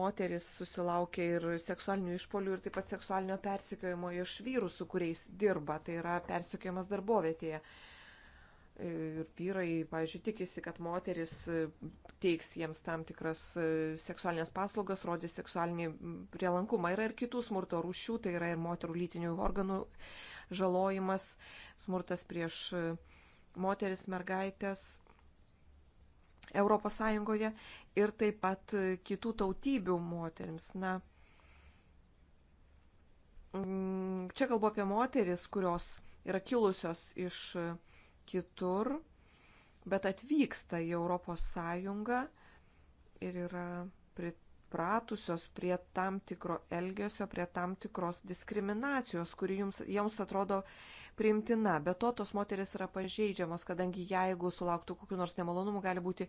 [SPEAKER 3] moteris susilaukia ir seksualinių išpolių ir taip pat seksualinio persikiojimo iš vyrų, su kuriais dirba, tai yra persikiojimas darbovietėje. E, ir vyrai, pavyzdžiui, tikisi, kad moteris e, teiks jiems tam tikras e, seksualinės paslaugas, rodys seksualinį prielankumą. Yra ir kitų smurto rūšių, tai yra ir moterų lytinių organų žalojimas, smurtas prieš e, moteris, mergaitės. Europos Sąjungoje ir taip pat kitų tautybių moteriams. Na, čia kalbu apie moteris, kurios yra kilusios iš uh, kitur, bet atvyksta į Europos Sąjungą ir yra pripratusios prie tam tikro elgesio, prie tam tikros diskriminacijos, kuri jums, jums atrodo priimtina. Be to, tos moteris yra pažeidžiamos, kadangi jeigu sulauktų kokiu nors nemalonumu, gali būti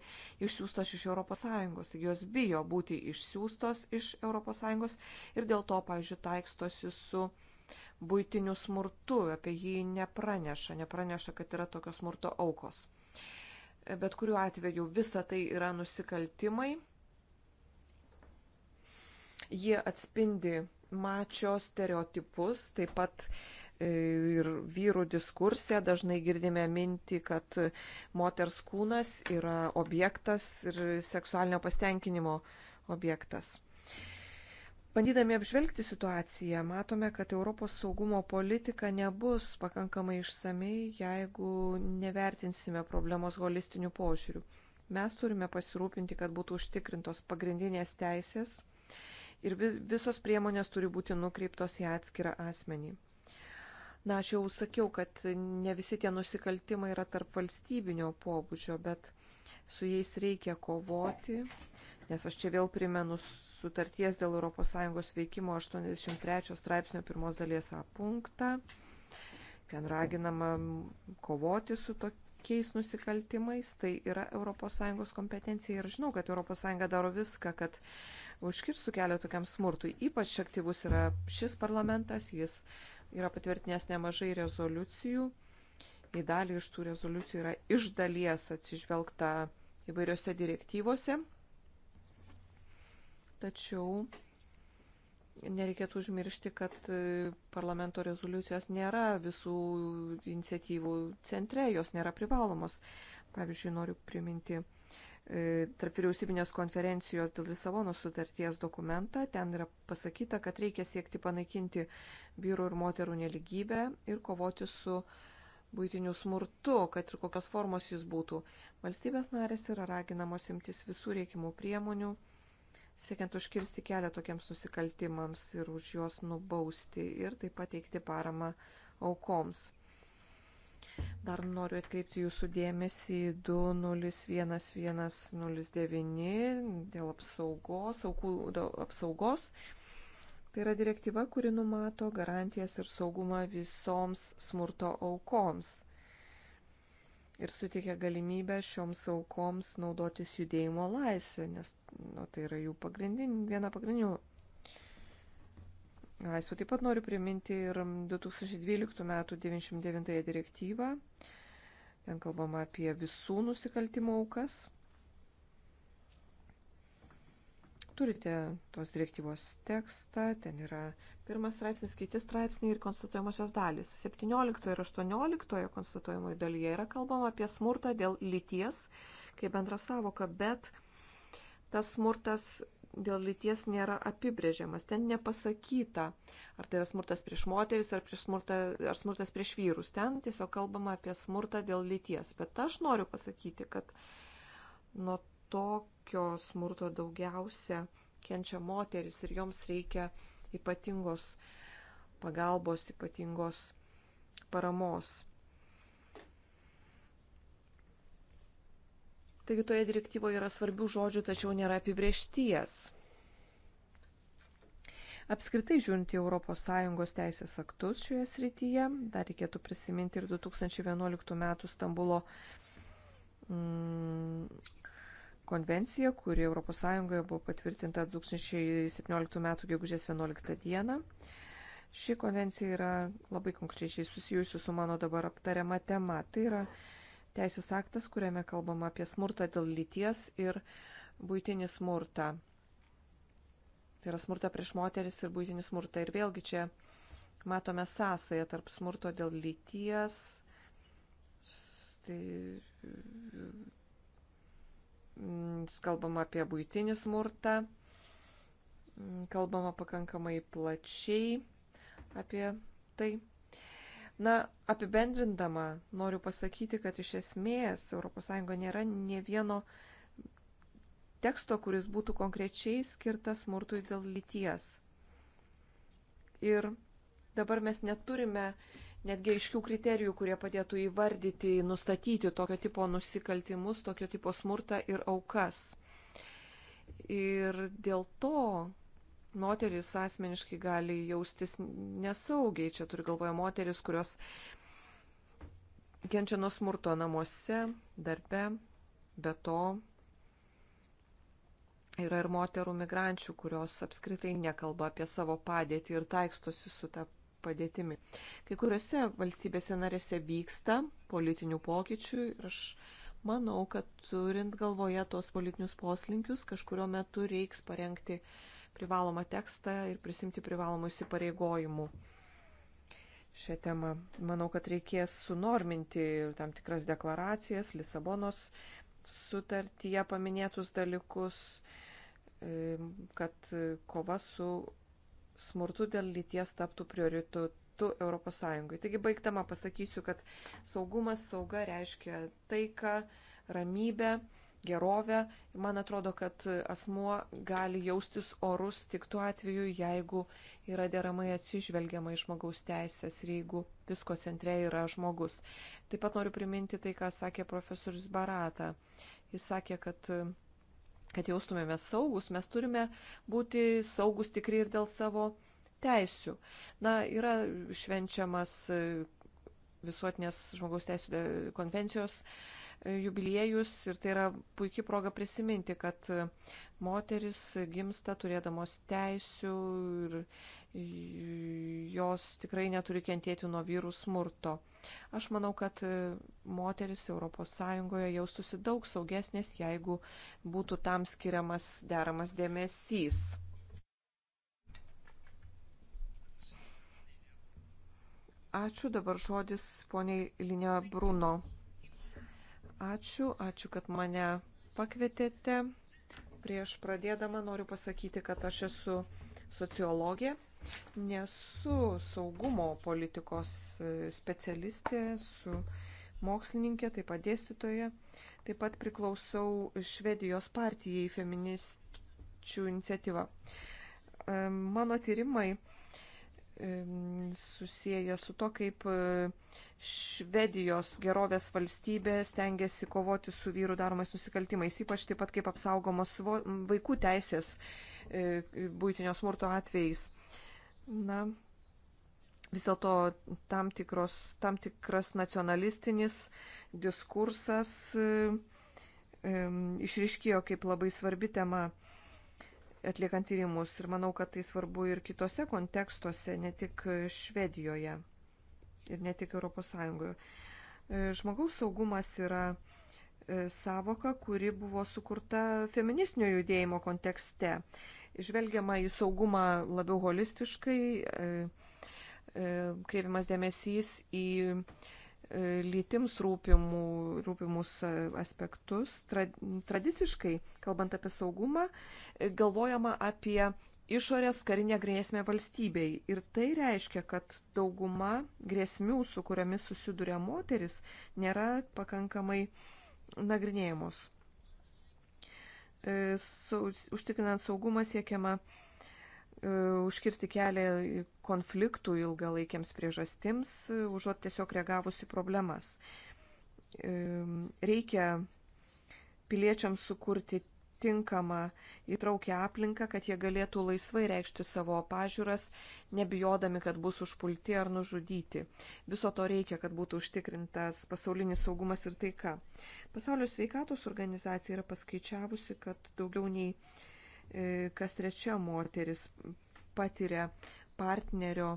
[SPEAKER 3] išsiųstos iš ES. Jos bijo būti išsiųstos iš ES ir dėl to, pavyzdžiui, taikstosi su būtiniu smurtu, apie jį nepraneša, nepraneša, kad yra tokio smurto aukos. Bet kuriuo atveju visa tai yra nusikaltimai. Jie atspindi mačio stereotipus, taip pat e, ir vyrų diskursė dažnai girdime mintį, kad moters kūnas yra objektas ir seksualinio pastenkinimo objektas. Bandydami apžvelgti situaciją, matome, kad Europos saugumo politika nebus pakankamai išsamei, jeigu nevertinsime problemos holistinių požiūrių. Mes turime pasirūpinti, kad būtų užtikrintos pagrindinės teisės ir vis, visos priemonės turi būti nukreiptos į atskirą asmenį. Na, aš jau sakiau, kad ne visi tie nusikaltimai yra tarp valstybinio pobūdžio, bet su jais reikia kovoti, Nes aš čia vėl primenu sutarties dėl ES veikimo 83 straipsnio pirmos dalies A punktą. Ten raginama kovoti su tokiais nusikaltimais. Tai yra ES kompetencija ir žinau, kad ES daro viską, kad užkirstų kelią tokiam smurtui. Ypač aktyvus yra šis parlamentas, jis yra patvirtinęs nemažai rezoliucijų. Į dalį iš tų rezoliucijų yra iš dalies atsižvelgta įvairiose direktyvose tačiau nereikėtų užmiršti, kad e, parlamento rezoliucijos nėra visų iniciatyvų centre, jos nėra privalomos. Pavyzdžiui, noriu priminti e, tarp vyriausybinės konferencijos dėl Lisabono sutarties dokumentą. Ten yra pasakyta, kad reikia siekti panaikinti vyrų ir moterų neligybę ir kovoti su būtiniu smurtu, kad ir kokios formos jis būtų. Valstybės narės yra raginamos imtis visų reikimų priemonių siekiant užkirsti kelią tokiems nusikaltimams ir už juos nubausti ir taip pat teikti paramą aukoms. Dar noriu atkreipti jūsų dėmesį į 201109 dėl apsaugos, aukų apsaugos. Tai yra direktyva, kuri numato garantijas ir saugumą visoms smurto aukoms ir suteikia galimybę šioms aukoms naudotis judėjimo laisvę, nes nu, tai yra jų pagrindin, viena pagrindinių laisvė. Taip pat noriu priminti ir 2012 m. 99 direktyvą. Ten kalbama apie visų nusikaltimų aukas. Turite tos direktyvos tekstą, ten yra Pirmas straipsnis, kiti straipsniai ir konstatuojamosios dalys. 17 ir 18 konstatuojamoje dalyje yra kalbama apie smurtą dėl lyties, kaip bendra savoka, bet tas smurtas dėl lyties nėra apibrėžiamas. Ten nepasakyta, ar tai yra smurtas prieš moteris, ar, prieš smurta, ar smurtas prieš vyrus. Ten tiesiog kalbama apie smurtą dėl lyties. Bet aš noriu pasakyti, kad nuo tokio smurto daugiausia kenčia moteris ir joms reikia ypatingos pagalbos, ypatingos paramos. Taigi toje direktyvoje yra svarbių žodžių, tačiau nėra apibriešties. Apskritai žiūrint į ES teisės aktus šioje srityje, dar reikėtų prisiminti ir 2011 m. Stambulo mm, konvencija, kuri ES buvo patvirtinta 2017 m. gegužės 11 d. Ši konvencija yra labai konkrečiai susijusi su mano dabar aptariama tema. Tai yra teisės aktas, kuriame kalbama apie smurtą dėl lyties ir būtinį smurtą. Tai yra smurtą prieš moteris ir būtinį smurtą. Ir vėlgi čia matome sąsąją tarp smurto dėl lyties. Tai Mm, kalbama apie būtinį smurtą, mm, kalbama pakankamai plačiai apie tai. Na, apibendrindama, noriu pasakyti, kad iš esmės ES nėra ne vieno teksto, kuris būtų konkrečiai skirtas smurtui dėl lyties. Ir dabar mes neturime uh, netgi aiškių kriterijų, kurie padėtų įvardyti, nustatyti tokio tipo nusikaltimus, tokio tipo smurtą ir aukas. Ir dėl to moteris asmeniškai gali jaustis nesaugiai. Čia turi galvoje moteris, kurios kenčia nuo smurto namuose, darbe, be to. Yra ir moterų migrančių, kurios apskritai nekalba apie savo padėtį ir taikstosi su tą padėtimi. Kai kuriuose valstybėse narėse vyksta politinių pokyčių ir aš manau, kad turint galvoje tos politinius poslinkius, kažkurio metu reiks parengti privalomą tekstą ir prisimti privalomų įsipareigojimų šią temą. Manau, kad reikės sunorminti tam tikras deklaracijas, Lisabonos sutartyje paminėtus dalykus, e, kad kova su smurtu dėl lyties taptų prioritetu ES. Taigi baigtama pasakysiu, kad saugumas, sauga reiškia taiką, ramybę, gerovę. Man atrodo, kad asmuo gali jaustis orus tik tuo atveju, jeigu yra deramai atsižvelgiama į žmogaus teisės ir jeigu visko centre yra žmogus. Taip pat noriu priminti tai, ką sakė profesorius Barata. Jis sakė, kad kad jaustumėme saugus, mes turime būti saugus tikri ir dėl savo teisių. Na, yra švenčiamas visuotinės žmogaus teisų konvencijos jubiliejus ir tai yra puikia proga prisiminti, kad moteris gimsta turėdamos teisių ir jos tikrai neturi kentėti nuo vyrų smurto. Aš manau, kad moteris ES jaustųsi daug saugesnės, jeigu būtų tam skiriamas deramas dėmesys. Ačiū dabar žodis poniai Linio Bruno. Ačiū, ačiū, kad mane pakvietėte. Prieš pradėdama noriu pasakyti, kad aš esu sociologė, nesu saugumo politikos e, specialistė, su mokslininkė, taip pat dėstytoja. Taip pat priklausau Švedijos partijai feministių iniciatyva. Mano tyrimai susiję su to, kaip e, Švedijos gerovės valstybė stengiasi kovoti su vyrų daromais nusikaltimais, ypač taip pat kaip apsaugomos vaikų teisės e, būtinio smurto atvejais. Na, vis dėlto tam, tikros, tam tikras nacionalistinis diskursas e, išriškėjo kaip labai svarbi tema atliekant tyrimus ir manau, kad tai svarbu ir kitose kontekstuose, ne tik Švedijoje ir ne tik ES. E, žmogaus saugumas yra e, savoka, kuri buvo sukurta feministinio judėjimo kontekste. Žvelgiama į saugumą labiau holistiškai, e, kreipiamas dėmesys į E, lytims rūpimų, rūpimus e, aspektus. Tra, tradiciškai, kalbant apie saugumą, e, galvojama apie išorės karinę grėsmę valstybei. Ir tai reiškia, kad dauguma grėsmių, su kuriamis susiduria moteris, nėra pakankamai nagrinėjamos. Su, užtikrinant saugumą siekiama E, užkirsti kelią konfliktų ilgalaikiams priežastims, e, užuot tiesiog reagavusi problemas. E, reikia piliečiams sukurti tinkamą įtraukę aplinką, kad jie galėtų laisvai reikšti savo pažiūras, nebijodami, kad bus užpulti ar nužudyti. Viso to reikia, kad būtų užtikrintas pasaulinis saugumas ir taika. Pasaulio sveikatos organizacija yra paskaičiavusi, kad daugiau nei E, kas trečia moteris patiria partnerio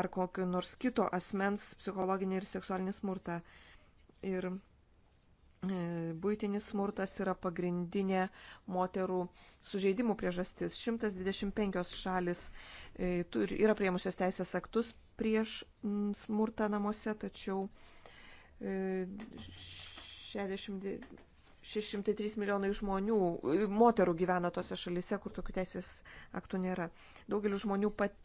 [SPEAKER 3] ar kokio nors kito asmens psichologinį ir seksualinį smurtą. Ir e, būtinis smurtas yra pagrindinė moterų sužeidimų priežastis. 125 šalis e, yra prieimusios teisės aktus prieš smurtą namuose, tačiau 60 603 milijonai žmonių, moterų gyvena tose šalise, kur tokių teisės aktų nėra. Daugelis žmonių pat,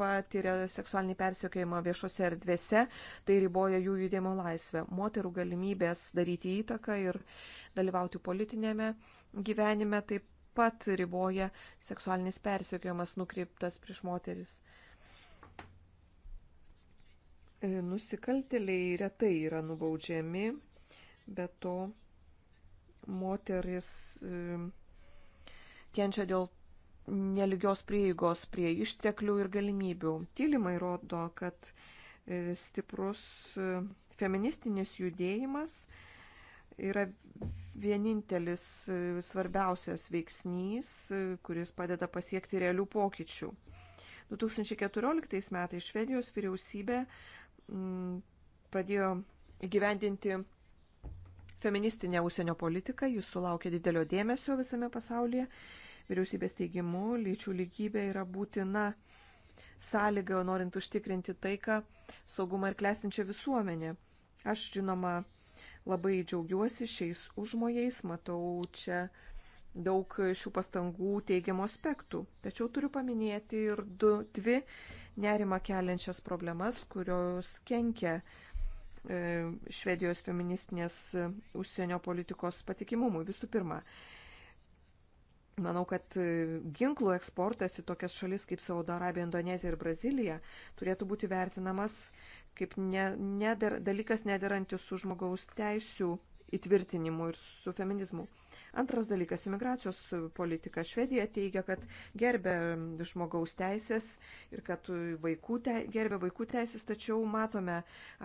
[SPEAKER 3] patiria seksualinį persiekėjimą viešose erdvėse, tai riboja jų judėjimo laisvę, moterų galimybės daryti įtaką ir dalyvauti politinėme gyvenime, taip pat riboja seksualinis persiekėjimas nukreiptas prieš moteris. Nusikaltėliai retai yra nubaudžiami, bet to moteris e, kenčia dėl neligios prieigos prie išteklių ir galimybių. Tyrimai rodo, kad e, stiprus e, feministinis judėjimas yra vienintelis svarbiausias veiksnys, kuris padeda pasiekti realių pokyčių. 2014 metais Švedijos vyriausybė pradėjo įgyvendinti feministinę užsienio politiką, jis sulaukė didelio dėmesio visame pasaulyje. Vyriausybės teigimu, lyčių lygybė yra būtina sąlyga, norint užtikrinti taiką, saugumą ir klesinčią visuomenę. Aš, žinoma, labai džiaugiuosi šiais užmojais, matau čia daug šių pastangų teigiamų aspektų. Tačiau turiu paminėti ir du, dvi nerima keliančias problemas, kurios kenkia E, Švedijos feministinės e, užsienio politikos patikimumui. Visų pirma, manau, kad e, ginklų eksportas į tokias šalis kaip Saudo Arabija, Indonezija ir Brazilija turėtų būti vertinamas kaip ne, neder, dalykas nederantis su žmogaus teisų įtvirtinimu ir su feminizmu. Antras dalykas - imigracijos politika. Švedija teigia, kad gerbė žmogaus teisės ir kad vaikų te, gerbė vaikų teisės, tačiau matome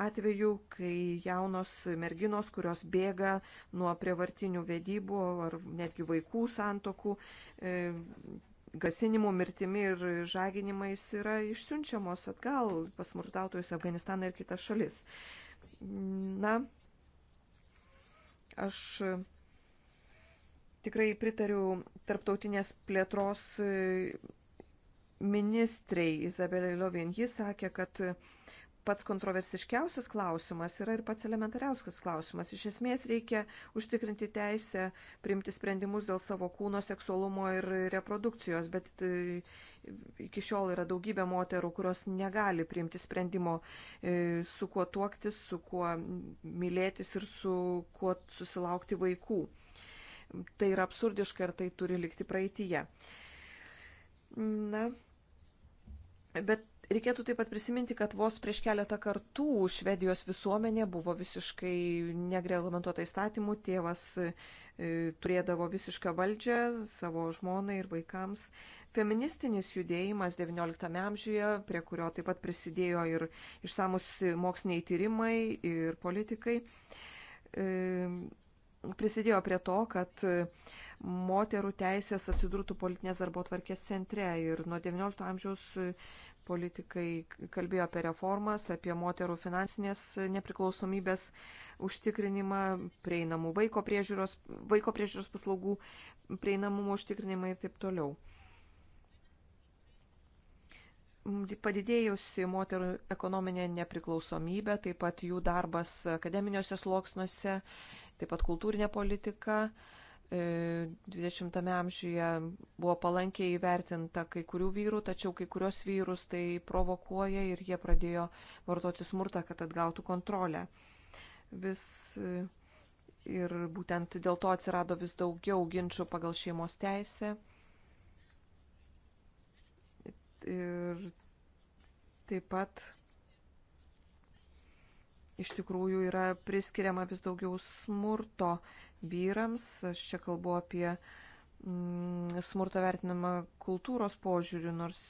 [SPEAKER 3] atveju, kai jaunos merginos, kurios bėga nuo prievartinių vedybų ar netgi vaikų santokų, e, grasinimų mirtimi ir žaginimais yra išsiunčiamos atgal pas smurtautojus Afganistaną ir kitas šalis. Na, Aš e, tikrai pritariu tarptautinės plėtros e, ministrei Izabelė Lovin. Jis sakė, kad pats kontroversiškiausias klausimas yra ir pats elementariausias klausimas. Iš esmės reikia užtikrinti teisę priimti sprendimus dėl savo kūno, seksualumo ir reprodukcijos, bet e, iki šiol yra daugybė moterų, kurios negali priimti sprendimo e, su kuo tuoktis, su kuo mylėtis ir su kuo susilaukti vaikų. Tai yra absurdiška ir tai turi likti praeitįje. Na, bet Reikėtų taip pat prisiminti, kad vos prieš keletą kartų Švedijos visuomenė buvo visiškai negrelamentuota įstatymu, tėvas e, turėdavo visišką valdžią savo žmonai ir vaikams. Feministinis judėjimas XIX amžiuje, prie kurio taip pat prisidėjo ir išsamus moksliniai tyrimai ir politikai, e, prisidėjo prie to, kad moterų teisės atsidurtų politinės darbo tvarkės centre ir nuo XIX amžiaus Politikai kalbėjo apie reformas, apie moterų finansinės nepriklausomybės užtikrinimą, prieinamų vaiko priežiūros, vaiko priežiūros paslaugų prieinamumo užtikrinimą ir taip toliau. Padidėjusi moterų ekonominė nepriklausomybė, taip pat jų darbas akademiniuose sluoksniuose, taip pat kultūrinė politika, 20-ame e, amžiuje buvo palankiai įvertinta kai kurių vyrų, tačiau kai kurios vyrus tai provokuoja ir jie pradėjo vartoti smurtą, kad atgautų kontrolę. Vis e, ir būtent dėl to atsirado vis daugiau ginčių pagal šeimos teisę. Ir taip pat iš tikrųjų yra priskiriama vis daugiau smurto vyrams. Aš čia kalbu apie mm, smurtą vertinamą kultūros požiūrių, nors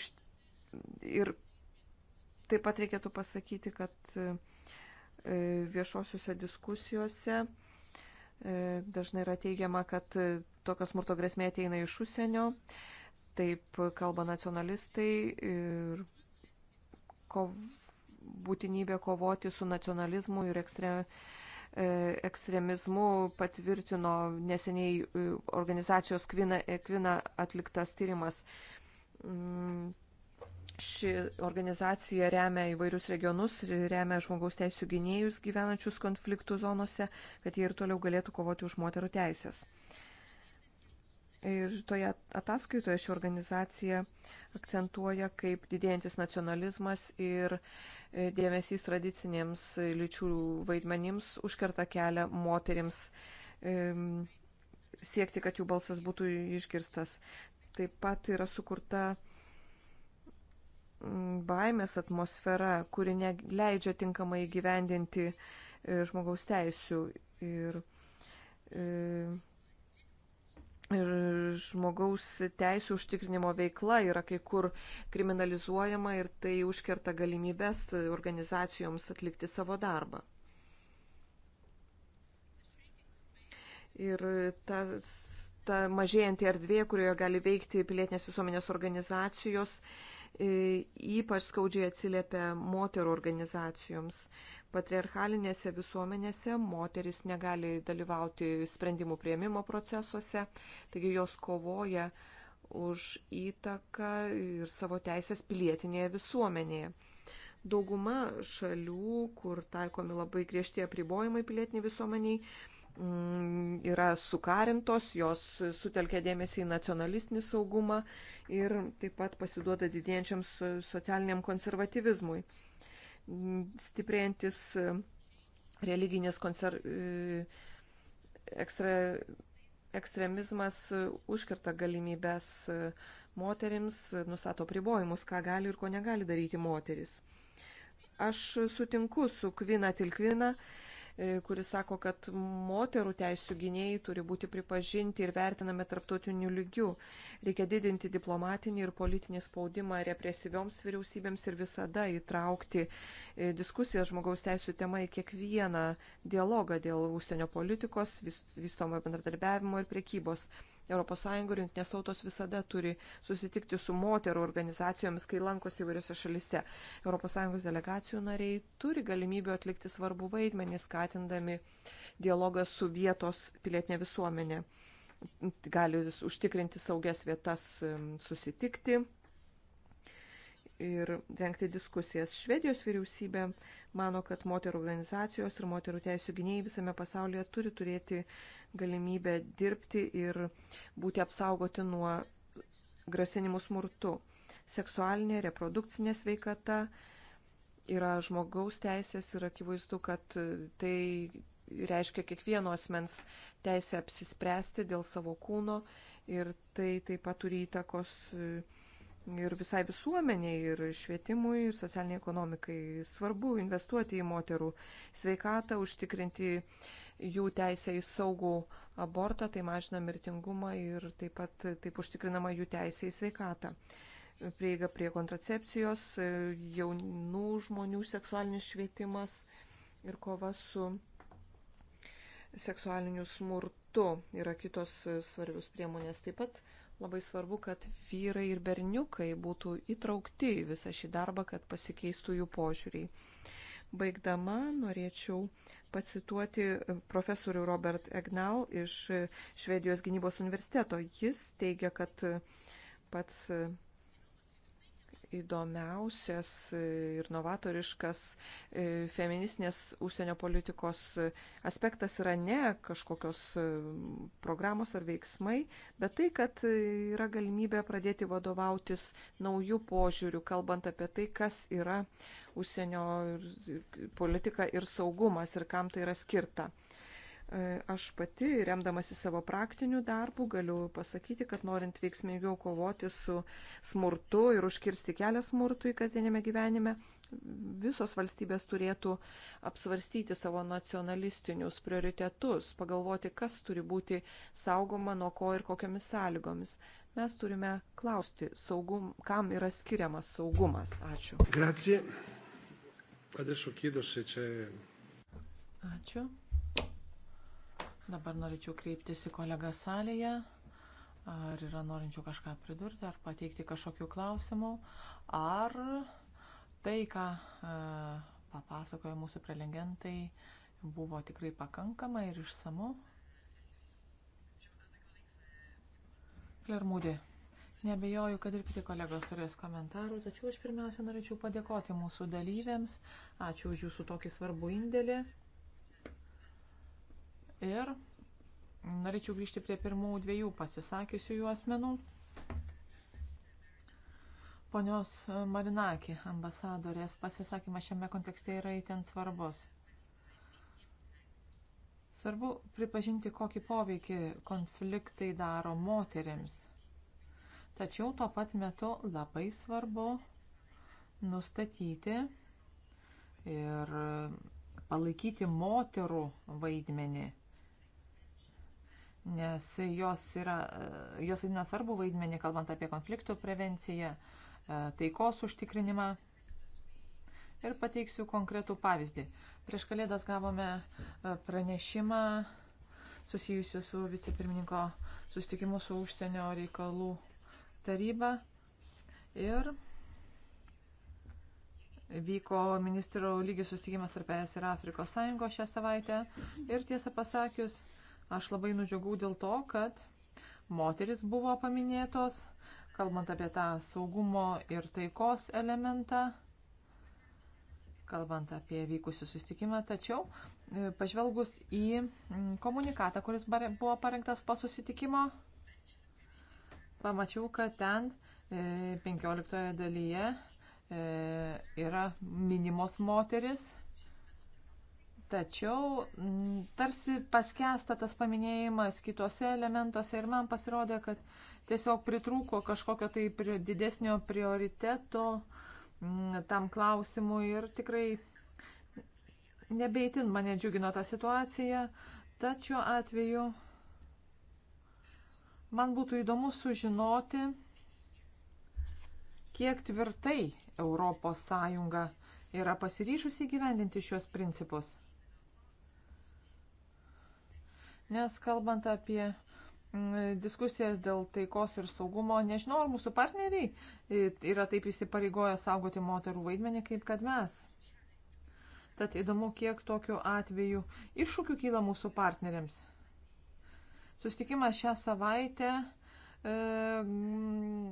[SPEAKER 3] iš, ir taip pat reikėtų pasakyti, kad e, viešosiuose diskusijose e, dažnai yra teigiama, kad tokios smurto grėsmė ateina iš užsienio. E, Taip kalba nacionalistai ir kov, būtinybė kovoti su nacionalizmu ir ekstre, e, ekstremizmu patvirtino neseniai e, organizacijos Kvina, e, Kvina atliktas tyrimas mm, ši organizacija remia įvairius regionus, remia žmogaus teisų gynėjus gyvenančius konfliktų zonose, kad jie ir toliau galėtų kovoti už moterų teisės. Ir toje ataskaitoje ši organizacija akcentuoja, kaip didėjantis nacionalizmas ir e, dėmesys tradicinėms lyčių vaidmenims užkerta kelią moterims siekti, kad jų balsas būtų išgirstas. Taip pat yra sukurta baimės atmosfera, kuri neleidžia tinkamai gyvendinti e, žmogaus teisių. Ir, ir e, žmogaus teisų užtikrinimo veikla yra kai kur kriminalizuojama ir tai užkerta galimybės organizacijoms atlikti savo darbą. Ir tas, ta mažėjanti erdvė, kurioje gali veikti pilietinės visuomenės organizacijos, ypač skaudžiai atsiliepia moterų organizacijoms patriarchalinėse visuomenėse moteris negali dalyvauti sprendimų prieimimo procesuose, taigi jos kovoja už įtaką ir savo teisės pilietinėje visuomenėje. Dauguma šalių, kur taikomi labai griežti apribojimai pilietiniai visuomeniai, mm, yra sukarintos, jos sutelkia dėmesį į nacionalistinį saugumą ir taip pat pasiduoda didėjančiam socialiniam konservatyvizmui. Mm, stiprėjantis e, religinis konser... E, ekstra... ekstremizmas užkerta galimybės e, moterims, nustato pribojimus, ką gali ir ko negali daryti moteris. Aš sutinku su Kvina Tilkvina, E, kuris sako, kad moterų teisų gynėjai turi būti pripažinti ir vertinami tarptautiniu lygiu. Reikia didinti diplomatinį ir politinį spaudimą represyvioms vyriausybėms ir visada įtraukti e, diskusiją žmogaus teisų tema į kiekvieną dialogą dėl užsienio politikos, vystomo bendradarbiavimo ir priekybos ES ir Junktinės tautos visada turi susitikti su moterų organizacijomis, kai lankosi įvairiose šalise. ES delegacijų nariai turi galimybę atlikti svarbų vaidmenį, skatindami dialogą su vietos pilietinė visuomenė. Gali užtikrinti saugias vietas susitikti ir vengti diskusijas. Švedijos vyriausybė mano, kad moterų organizacijos ir moterų teisų gynėjai visame pasaulyje turi turėti galimybę dirbti ir būti apsaugoti nuo grasinimų smurtu. Seksualinė, reprodukcinė sveikata yra žmogaus teisės ir akivaizdu, kad tai reiškia kiekvieno asmens teisę apsispręsti dėl savo kūno ir tai taip pat turi įtakos uh, ir visai visuomeniai, ir švietimui, ir socialiniai ekonomikai. Svarbu investuoti į moterų sveikatą, užtikrinti jų teisę į saugų abortą, tai mažina mirtingumą ir taip pat taip užtikrinama jų teisė į sveikatą. Prieiga prie kontracepcijos, jaunų žmonių seksualinis švietimas ir kova su seksualiniu smurtu yra kitos svarbios priemonės. Taip pat Labai svarbu, kad vyrai ir berniukai būtų įtraukti į visą šį darbą, kad pasikeistų jų požiūriai. Baigdama norėčiau pacituoti profesorių Robert Egnal iš Švedijos gynybos universiteto. Jis teigia, kad pats įdomiausias ir novatoriškas e, feministinės užsienio politikos aspektas yra ne kažkokios e, programos ar veiksmai, bet tai, kad e, yra galimybė pradėti vadovautis naujų požiūrių, kalbant apie tai, kas yra užsienio politika ir saugumas ir kam tai yra skirta. E, aš pati, remdamasi savo praktiniu darbu, galiu pasakyti, kad norint veiksmingiau kovoti su smurtu ir užkirsti kelią smurtui kasdienėme gyvenime, visos valstybės turėtų apsvarstyti savo nacionalistinius prioritetus, pagalvoti, kas turi būti saugoma, nuo ko ir kokiamis sąlygomis. Mes turime klausti, saugum, kam yra skiriamas saugumas. Ačiū.
[SPEAKER 1] Grazie. Adesso chiedo se c'è.
[SPEAKER 2] Ačiū. Dabar norėčiau kreiptis į kolegą salėje. Ar yra norinčių kažką pridurti, ar pateikti kažkokių klausimų, ar tai, ką e, papasakojo mūsų prelegentai, buvo tikrai pakankama ir išsamu. Klermūdė. Nebejoju, kad ir kiti kolegos turės komentarų, tačiau aš pirmiausia norėčiau padėkoti mūsų dalyviams. Ačiū už jūsų tokį svarbų indėlį. Ir norėčiau grįžti prie pirmų dviejų pasisakysių jų asmenų. Ponios Marinaki, ambasadorės pasisakymas šiame kontekste yra įtent svarbus. Svarbu pripažinti, kokį poveikį konfliktai daro moterims. Tačiau tuo pat metu labai svarbu nustatyti ir palaikyti moterų vaidmenį nes jos, yra, e, jos vaidina svarbu vaidmenį, kalbant apie konfliktų prevenciją, e, taikos užtikrinimą. Ir pateiksiu konkretų pavyzdį. Prieš kalėdas gavome e, pranešimą susijusi su vicepirmininko susitikimu su užsienio reikalų taryba. Ir vyko ministro lygis susitikimas tarp ES ir Afrikos Sąjungos šią savaitę. Ir tiesą pasakius, Aš labai nudžiugau dėl to, kad moteris buvo paminėtos, kalbant apie tą saugumo ir taikos elementą, kalbant apie vykusių susitikimą. Tačiau e, pažvelgus į komunikatą, kuris buvo parengtas po susitikimo, pamačiau, kad ten 15 e, dalyje e, yra minimos moteris Tačiau tarsi paskęsta tas paminėjimas kitose elementuose ir man pasirodė, kad tiesiog pritrūko kažkokio tai didesnio prioriteto tam klausimui ir tikrai nebeitin mane džiugino ta situacija. Tačiau atveju man būtų įdomu sužinoti, kiek tvirtai ES yra pasiryžusi gyvendinti šios principus. Nes kalbant apie mm, diskusijas dėl taikos ir saugumo, nežinau, ar mūsų partneriai e, yra taip įsipareigoję saugoti moterų vaidmenį, kaip kad mes. Tad įdomu, kiek tokiu atveju iššūkių kyla mūsų partneriams. Sustikimas šią savaitę e, mm,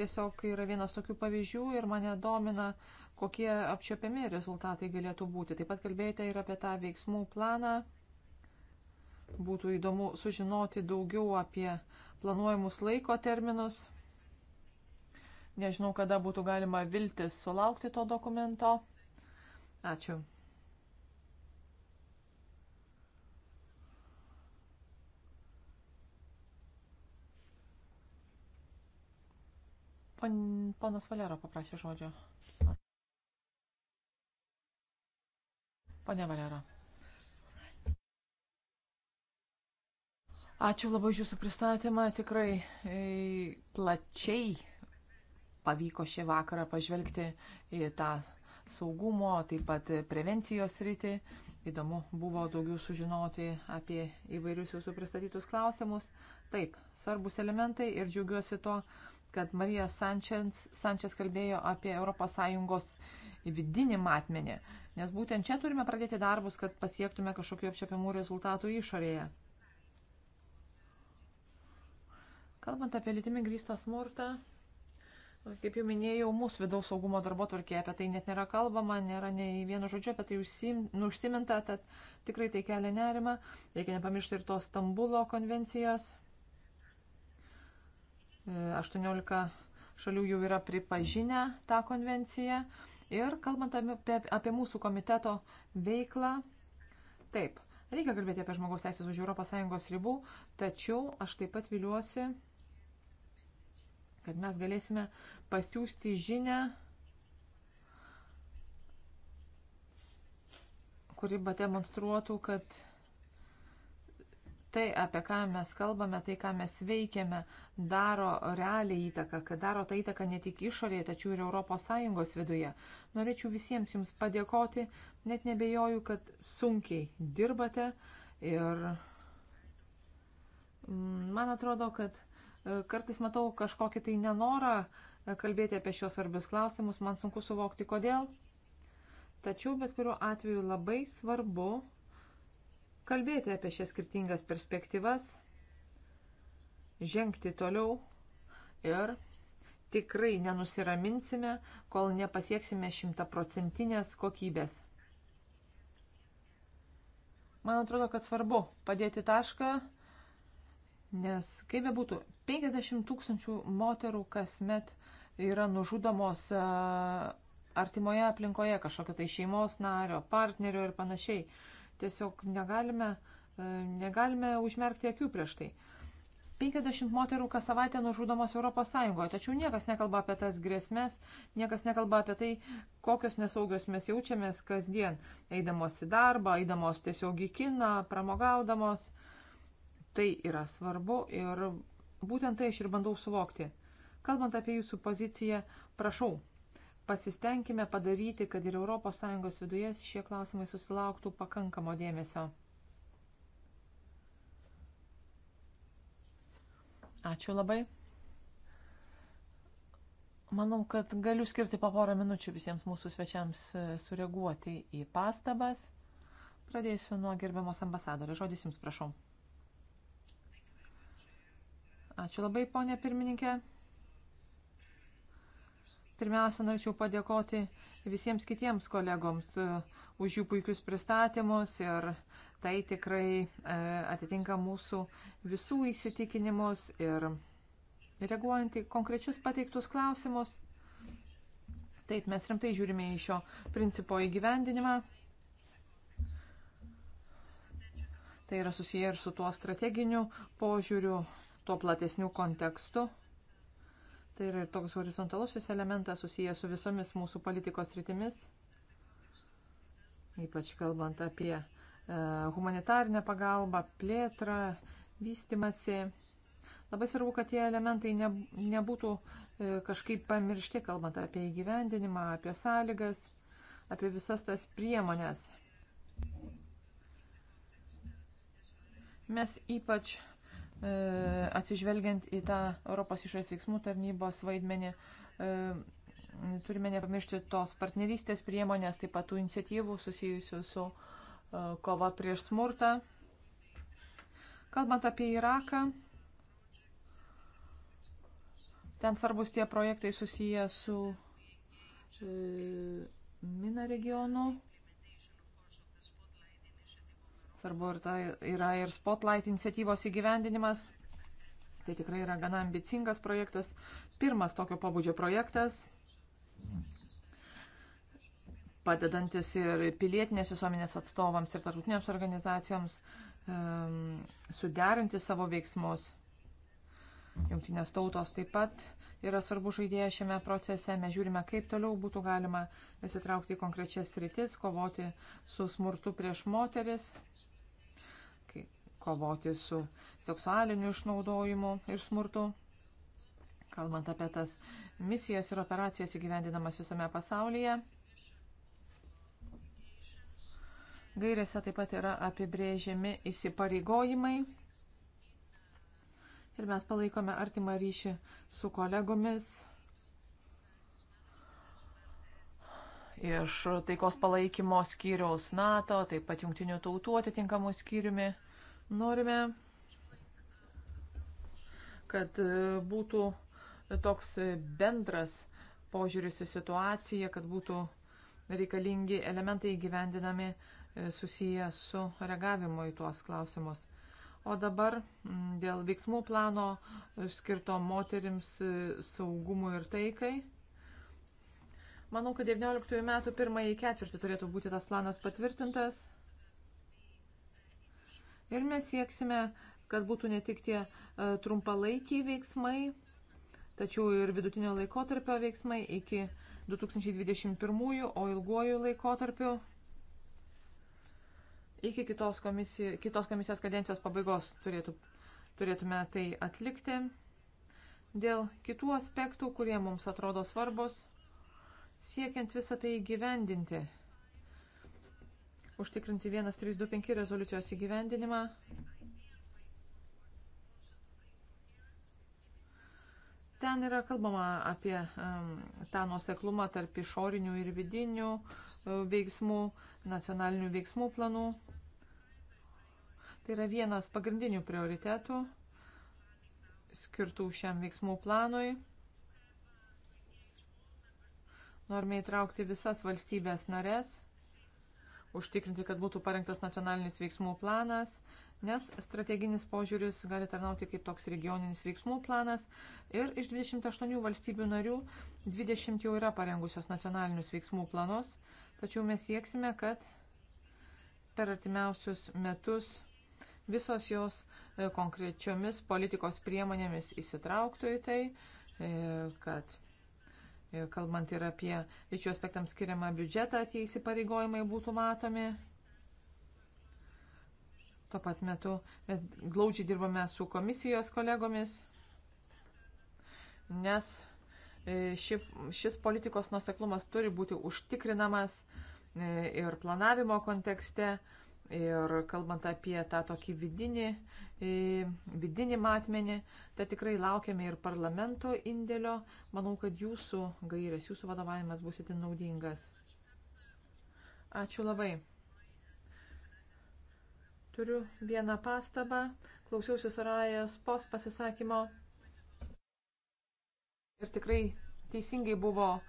[SPEAKER 2] tiesiog yra vienas tokių pavyzdžių ir mane domina, kokie apčiopiami rezultatai galėtų būti. Taip pat kalbėjote ir apie tą veiksmų planą. Būtų įdomu sužinoti daugiau apie planuojamus laiko terminus. Nežinau, kada būtų galima viltis sulaukti to dokumento. Ačiū. Ponas Valero paprašė žodžio. Pone Valero. Ačiū labai už Jūsų pristatymą. Tikrai e, plačiai pavyko šį vakarą pažvelgti į tą saugumo, taip pat prevencijos rytį. Įdomu buvo daugiau sužinoti apie įvairius jūsų pristatytus klausimus. Taip, svarbus elementai ir džiaugiuosi tuo, kad Marija Sančias, Sančias kalbėjo apie ES vidinį matmenį, nes būtent čia turime pradėti darbus, kad pasiektume kažkokiu apčiapiamų rezultatų išorėje. Kalbant apie lytimi grįstą smurtą, kaip jau minėjau, mūsų vidaus saugumo darbo tvarkė apie tai net nėra kalbama, nėra nei vieno žodžio apie tai užsim, nu, užsiminta, tad tikrai tai kelia nerima. Reikia nepamiršti ir tos Stambulo konvencijos. 18 e, šalių jau yra pripažinę tą konvenciją. Ir kalbant apie, apie mūsų komiteto veiklą, taip, reikia kalbėti apie žmogaus teisės už ES ribų, tačiau aš taip pat viliuosi kad mes galėsime pasiūsti žinę, kuri demonstruotų, kad tai, apie ką mes kalbame, tai, ką mes veikiame, daro realią įtaką, kad daro tą įtaką ne tik išorėje, tačiau ir ES viduje. Norėčiau visiems Jums padėkoti, net nebejoju, kad sunkiai dirbate ir mm, man atrodo, kad E, kartais matau kažkokį tai nenorą e, kalbėti apie šios svarbius klausimus, man sunku suvokti kodėl. Tačiau bet kuriuo atveju labai svarbu kalbėti apie šias skirtingas perspektyvas, žengti toliau ir tikrai nenusiraminsime, kol nepasieksime šimtaprocentinės kokybės. Man atrodo, kad svarbu padėti tašką Nes kaip be būtų, 50 tūkstančių moterų kasmet yra nužudomos e, artimoje aplinkoje, kažkokio tai šeimos nario, partnerio ir panašiai. Tiesiog negalime, e, negalime užmerkti akių prieš tai. 50 moterų kas savaitę nužudomos ES, tačiau niekas nekalba apie tas grėsmės, niekas nekalba apie tai, kokios nesaugios mes jaučiamės kasdien, eidamos į darbą, eidamos tiesiog į kiną, pramogaudamos. Uh, Tai yra svarbu ir būtent tai aš ir bandau suvokti. Kalbant apie jūsų poziciją, prašau, pasistengkime padaryti, kad ir ES viduje šie klausimai susilauktų pakankamo dėmesio. Ačiū labai. Manau, kad galiu skirti po porą minučių visiems mūsų svečiams e, sureaguoti į pastabas. Pradėsiu nuo gerbiamos ambasadorės. Žodis jums prašau. Ačiū labai, ponė pirmininkė. Pirmiausia, norėčiau padėkoti visiems kitiems kolegoms uh, už jų puikius pristatymus ir tai tikrai uh, atitinka mūsų visų įsitikinimus ir reaguojant į konkrečius pateiktus klausimus. Taip, mes rimtai žiūrime į šio principo įgyvendinimą. Tai yra susiję ir su tuo strateginiu požiūriu, tuo platesniu kontekstu. Tai yra ir toks horizontalusis elementas susijęs su visomis mūsų politikos rytimis, ypač kalbant apie e, humanitarinę pagalbą, plėtrą, vystimasi. Labai svarbu, kad tie elementai ne, nebūtų e, kažkaip pamiršti, kalbant apie įgyvendinimą, apie sąlygas, apie visas tas priemonės. Mes ypač E, atsižvelgiant į tą Europos išorės veiksmų tarnybos vaidmenį, e, turime nepamiršti tos partnerystės priemonės, taip pat tų iniciatyvų susijusių su e, kova prieš smurtą. Kalbant apie Iraką, ten svarbus tie projektai susiję su Mina regionu. Svarbu ir tai yra ir Spotlight iniciatyvos įgyvendinimas. Tai tikrai yra gana ambicingas projektas. Pirmas tokio pobūdžio projektas padedantis ir pilietinės visuomenės atstovams ir tarptautinėms organizacijoms um, suderinti savo veiksmus. Jungtinės tautos taip pat yra svarbu žaidėja šiame procese. Mes žiūrime, kaip toliau būtų galima įsitraukti į konkrečias rytis, kovoti su smurtu prieš moteris kovoti su seksualiniu išnaudojimu ir smurtu. Kalbant apie tas misijas ir operacijas įgyvendinamas visame pasaulyje, Gairėse taip pat yra apibrėžiami įsipareigojimai. Ir mes palaikome artimą ryšį su kolegomis iš taikos palaikymo skyriaus NATO, taip pat jungtinių tautų atitinkamų skyriumi. Norime, kad e, būtų toks bendras požiūris į situaciją, kad būtų reikalingi elementai įgyvendinami e, susiję su reagavimu į tuos klausimus. O dabar dėl veiksmų plano skirto moterims e, saugumui ir taikai. Manau, kad 19 metų pirmąjį ketvirtį turėtų būti tas planas patvirtintas. Ir mes sieksime, kad būtų ne tik tie e, trumpalaikiai veiksmai, tačiau ir vidutinio laikotarpio veiksmai iki 2021, o ilguoju laikotarpiu iki kitos, komisijos, kitos komisijos kadencijos pabaigos turėtų, turėtume tai atlikti. Dėl kitų aspektų, kurie mums atrodo svarbus, siekiant visą tai įgyvendinti užtikrinti 1325 rezoliucijos įgyvendinimą. Ten yra kalbama apie um, tą nuoseklumą tarp išorinių ir vidinių uh, veiksmų, nacionalinių veiksmų planų. Tai yra vienas pagrindinių prioritetų skirtų šiam veiksmų planui. Norime įtraukti visas valstybės narės užtikrinti, kad būtų parengtas nacionalinis veiksmų planas, nes strateginis požiūris gali tarnauti kaip toks regioninis veiksmų planas ir iš 28 valstybių narių 20 jau yra parengusios nacionalinius veiksmų planus, tačiau mes sieksime, kad per artimiausius metus visos jos e, konkrečiomis politikos priemonėmis įsitrauktų į tai, e, kad kalbant ir apie lyčių aspektams skiriamą biudžetą, tie įsipareigojimai būtų matomi. Tuo pat metu mes glaudžiai dirbame su komisijos kolegomis, nes e, ši, šis politikos nuseklumas turi būti užtikrinamas e, ir planavimo kontekste. Ir kalbant apie tą tokį vidinį, e, vidinį matmenį, tai tikrai laukiame ir parlamento indėlio. Manau, kad jūsų gairės, jūsų vadovavimas bus itin naudingas. Ačiū labai. Turiu vieną pastabą. Klausiausi Sorajos pos pasisakymo. Ir tikrai teisingai buvo e,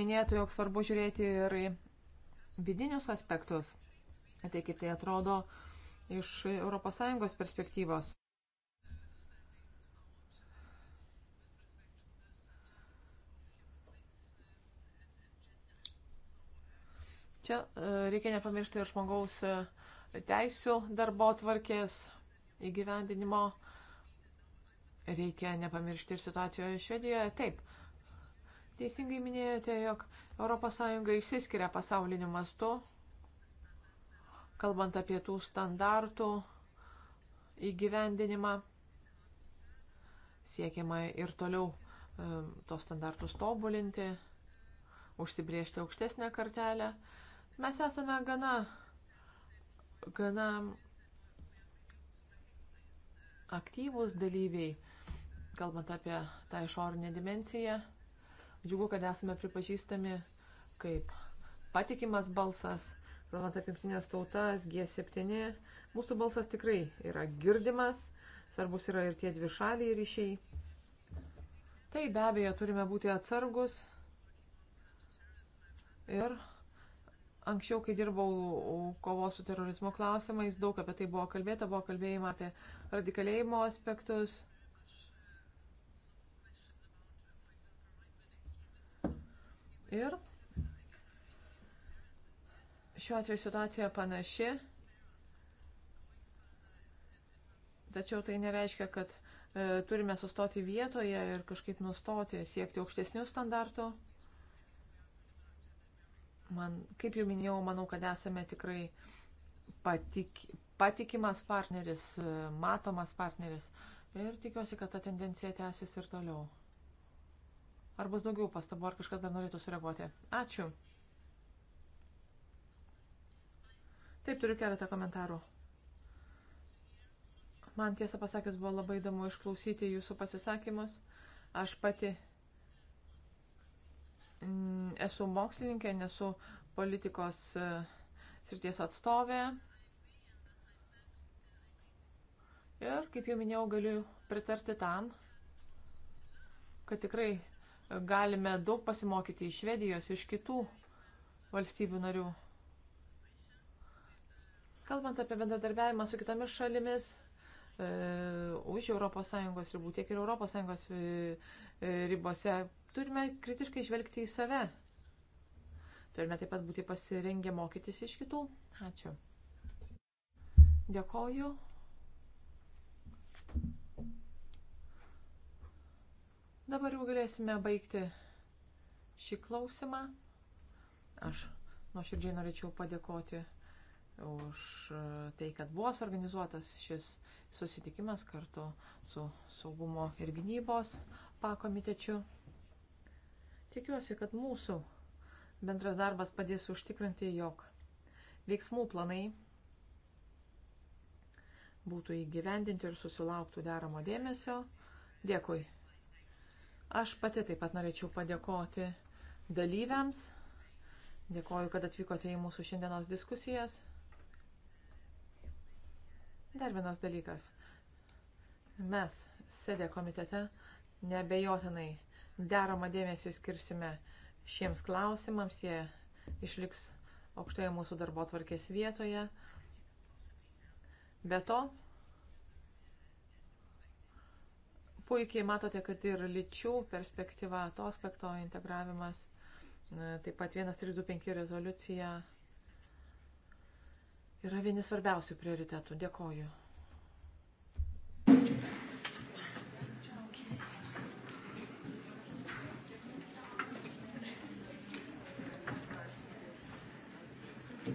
[SPEAKER 2] minėta, jog svarbu žiūrėti ir vidinius aspektus tai kaip tai atrodo iš ES perspektyvos. Čia e, reikia nepamiršti ir žmogaus e, teisų darbo tvarkės įgyvendinimo. Reikia nepamiršti ir situacijoje Švedijoje. Taip, teisingai minėjote, jog ES išsiskiria pasauliniu mastu kalbant apie tų standartų įgyvendinimą. Siekiama ir toliau e, tos standartus tobulinti, užsibriežti aukštesnę kartelę. Mes esame gana, gana aktyvūs dalyviai, kalbant apie tą išorinę dimenciją. Džiugu, kad esame pripažįstami kaip patikimas balsas kalbant apie jungtinės tautas, G7, mūsų balsas tikrai yra girdimas, svarbus yra ir tie dvišaliai ryšiai. Tai be abejo turime būti atsargus. Ir anksčiau, kai dirbau kovos su terorizmo klausimais, daug apie tai buvo kalbėta, buvo kalbėjima apie radikalėjimo aspektus. Ir Šiuo atveju situacija panaši, tačiau tai nereiškia, kad e, turime sustoti vietoje ir kažkaip nustoti siekti aukštesnių standartų. Man, kaip jau minėjau, manau, kad esame tikrai patik, patikimas partneris, e, matomas partneris ir tikiuosi, kad ta tendencija tęsis ir toliau. Ar bus daugiau pastabų, ar kažkas dar norėtų sureaguoti? Ačiū. Taip, turiu keletą komentarų. Man tiesą pasakęs buvo labai įdomu išklausyti jūsų pasisakymus. Aš pati mm, esu mokslininkė, nesu politikos e, srities atstovė. Ir, kaip jau minėjau, galiu pritarti tam, kad tikrai galime daug pasimokyti iš Švedijos, iš kitų valstybių narių. Kalbant apie bendradarbiavimą su kitomis šalimis, e, už ES ribų, tiek ir ES e, e, ribose, turime kritiškai žvelgti į save. Turime taip pat būti pasirengę mokytis iš kitų. Ačiū. Dėkoju. Dabar jau galėsime baigti šį klausimą. Aš nuoširdžiai norėčiau padėkoti už e, tai, kad buvo suorganizuotas šis susitikimas kartu su saugumo ir gynybos pakomitečiu. Tikiuosi, kad mūsų bendras darbas padės užtikrinti, jog veiksmų planai būtų įgyvendinti ir susilauktų deramo dėmesio. Dėkui. Aš pati taip pat norėčiau padėkoti dalyviams. Dėkoju, kad atvykote į mūsų šiandienos diskusijas. Dar vienas dalykas. Mes, sėdė komitete, nebejotinai deramą dėmesį skirsime šiems klausimams, jie išliks aukštoje mūsų darbo tvarkės vietoje. Be to, puikiai matote, kad ir lyčių perspektyva, to aspekto integravimas, taip pat 1325 rezoliucija yra vienas svarbiausių prioritetų. Dėkoju.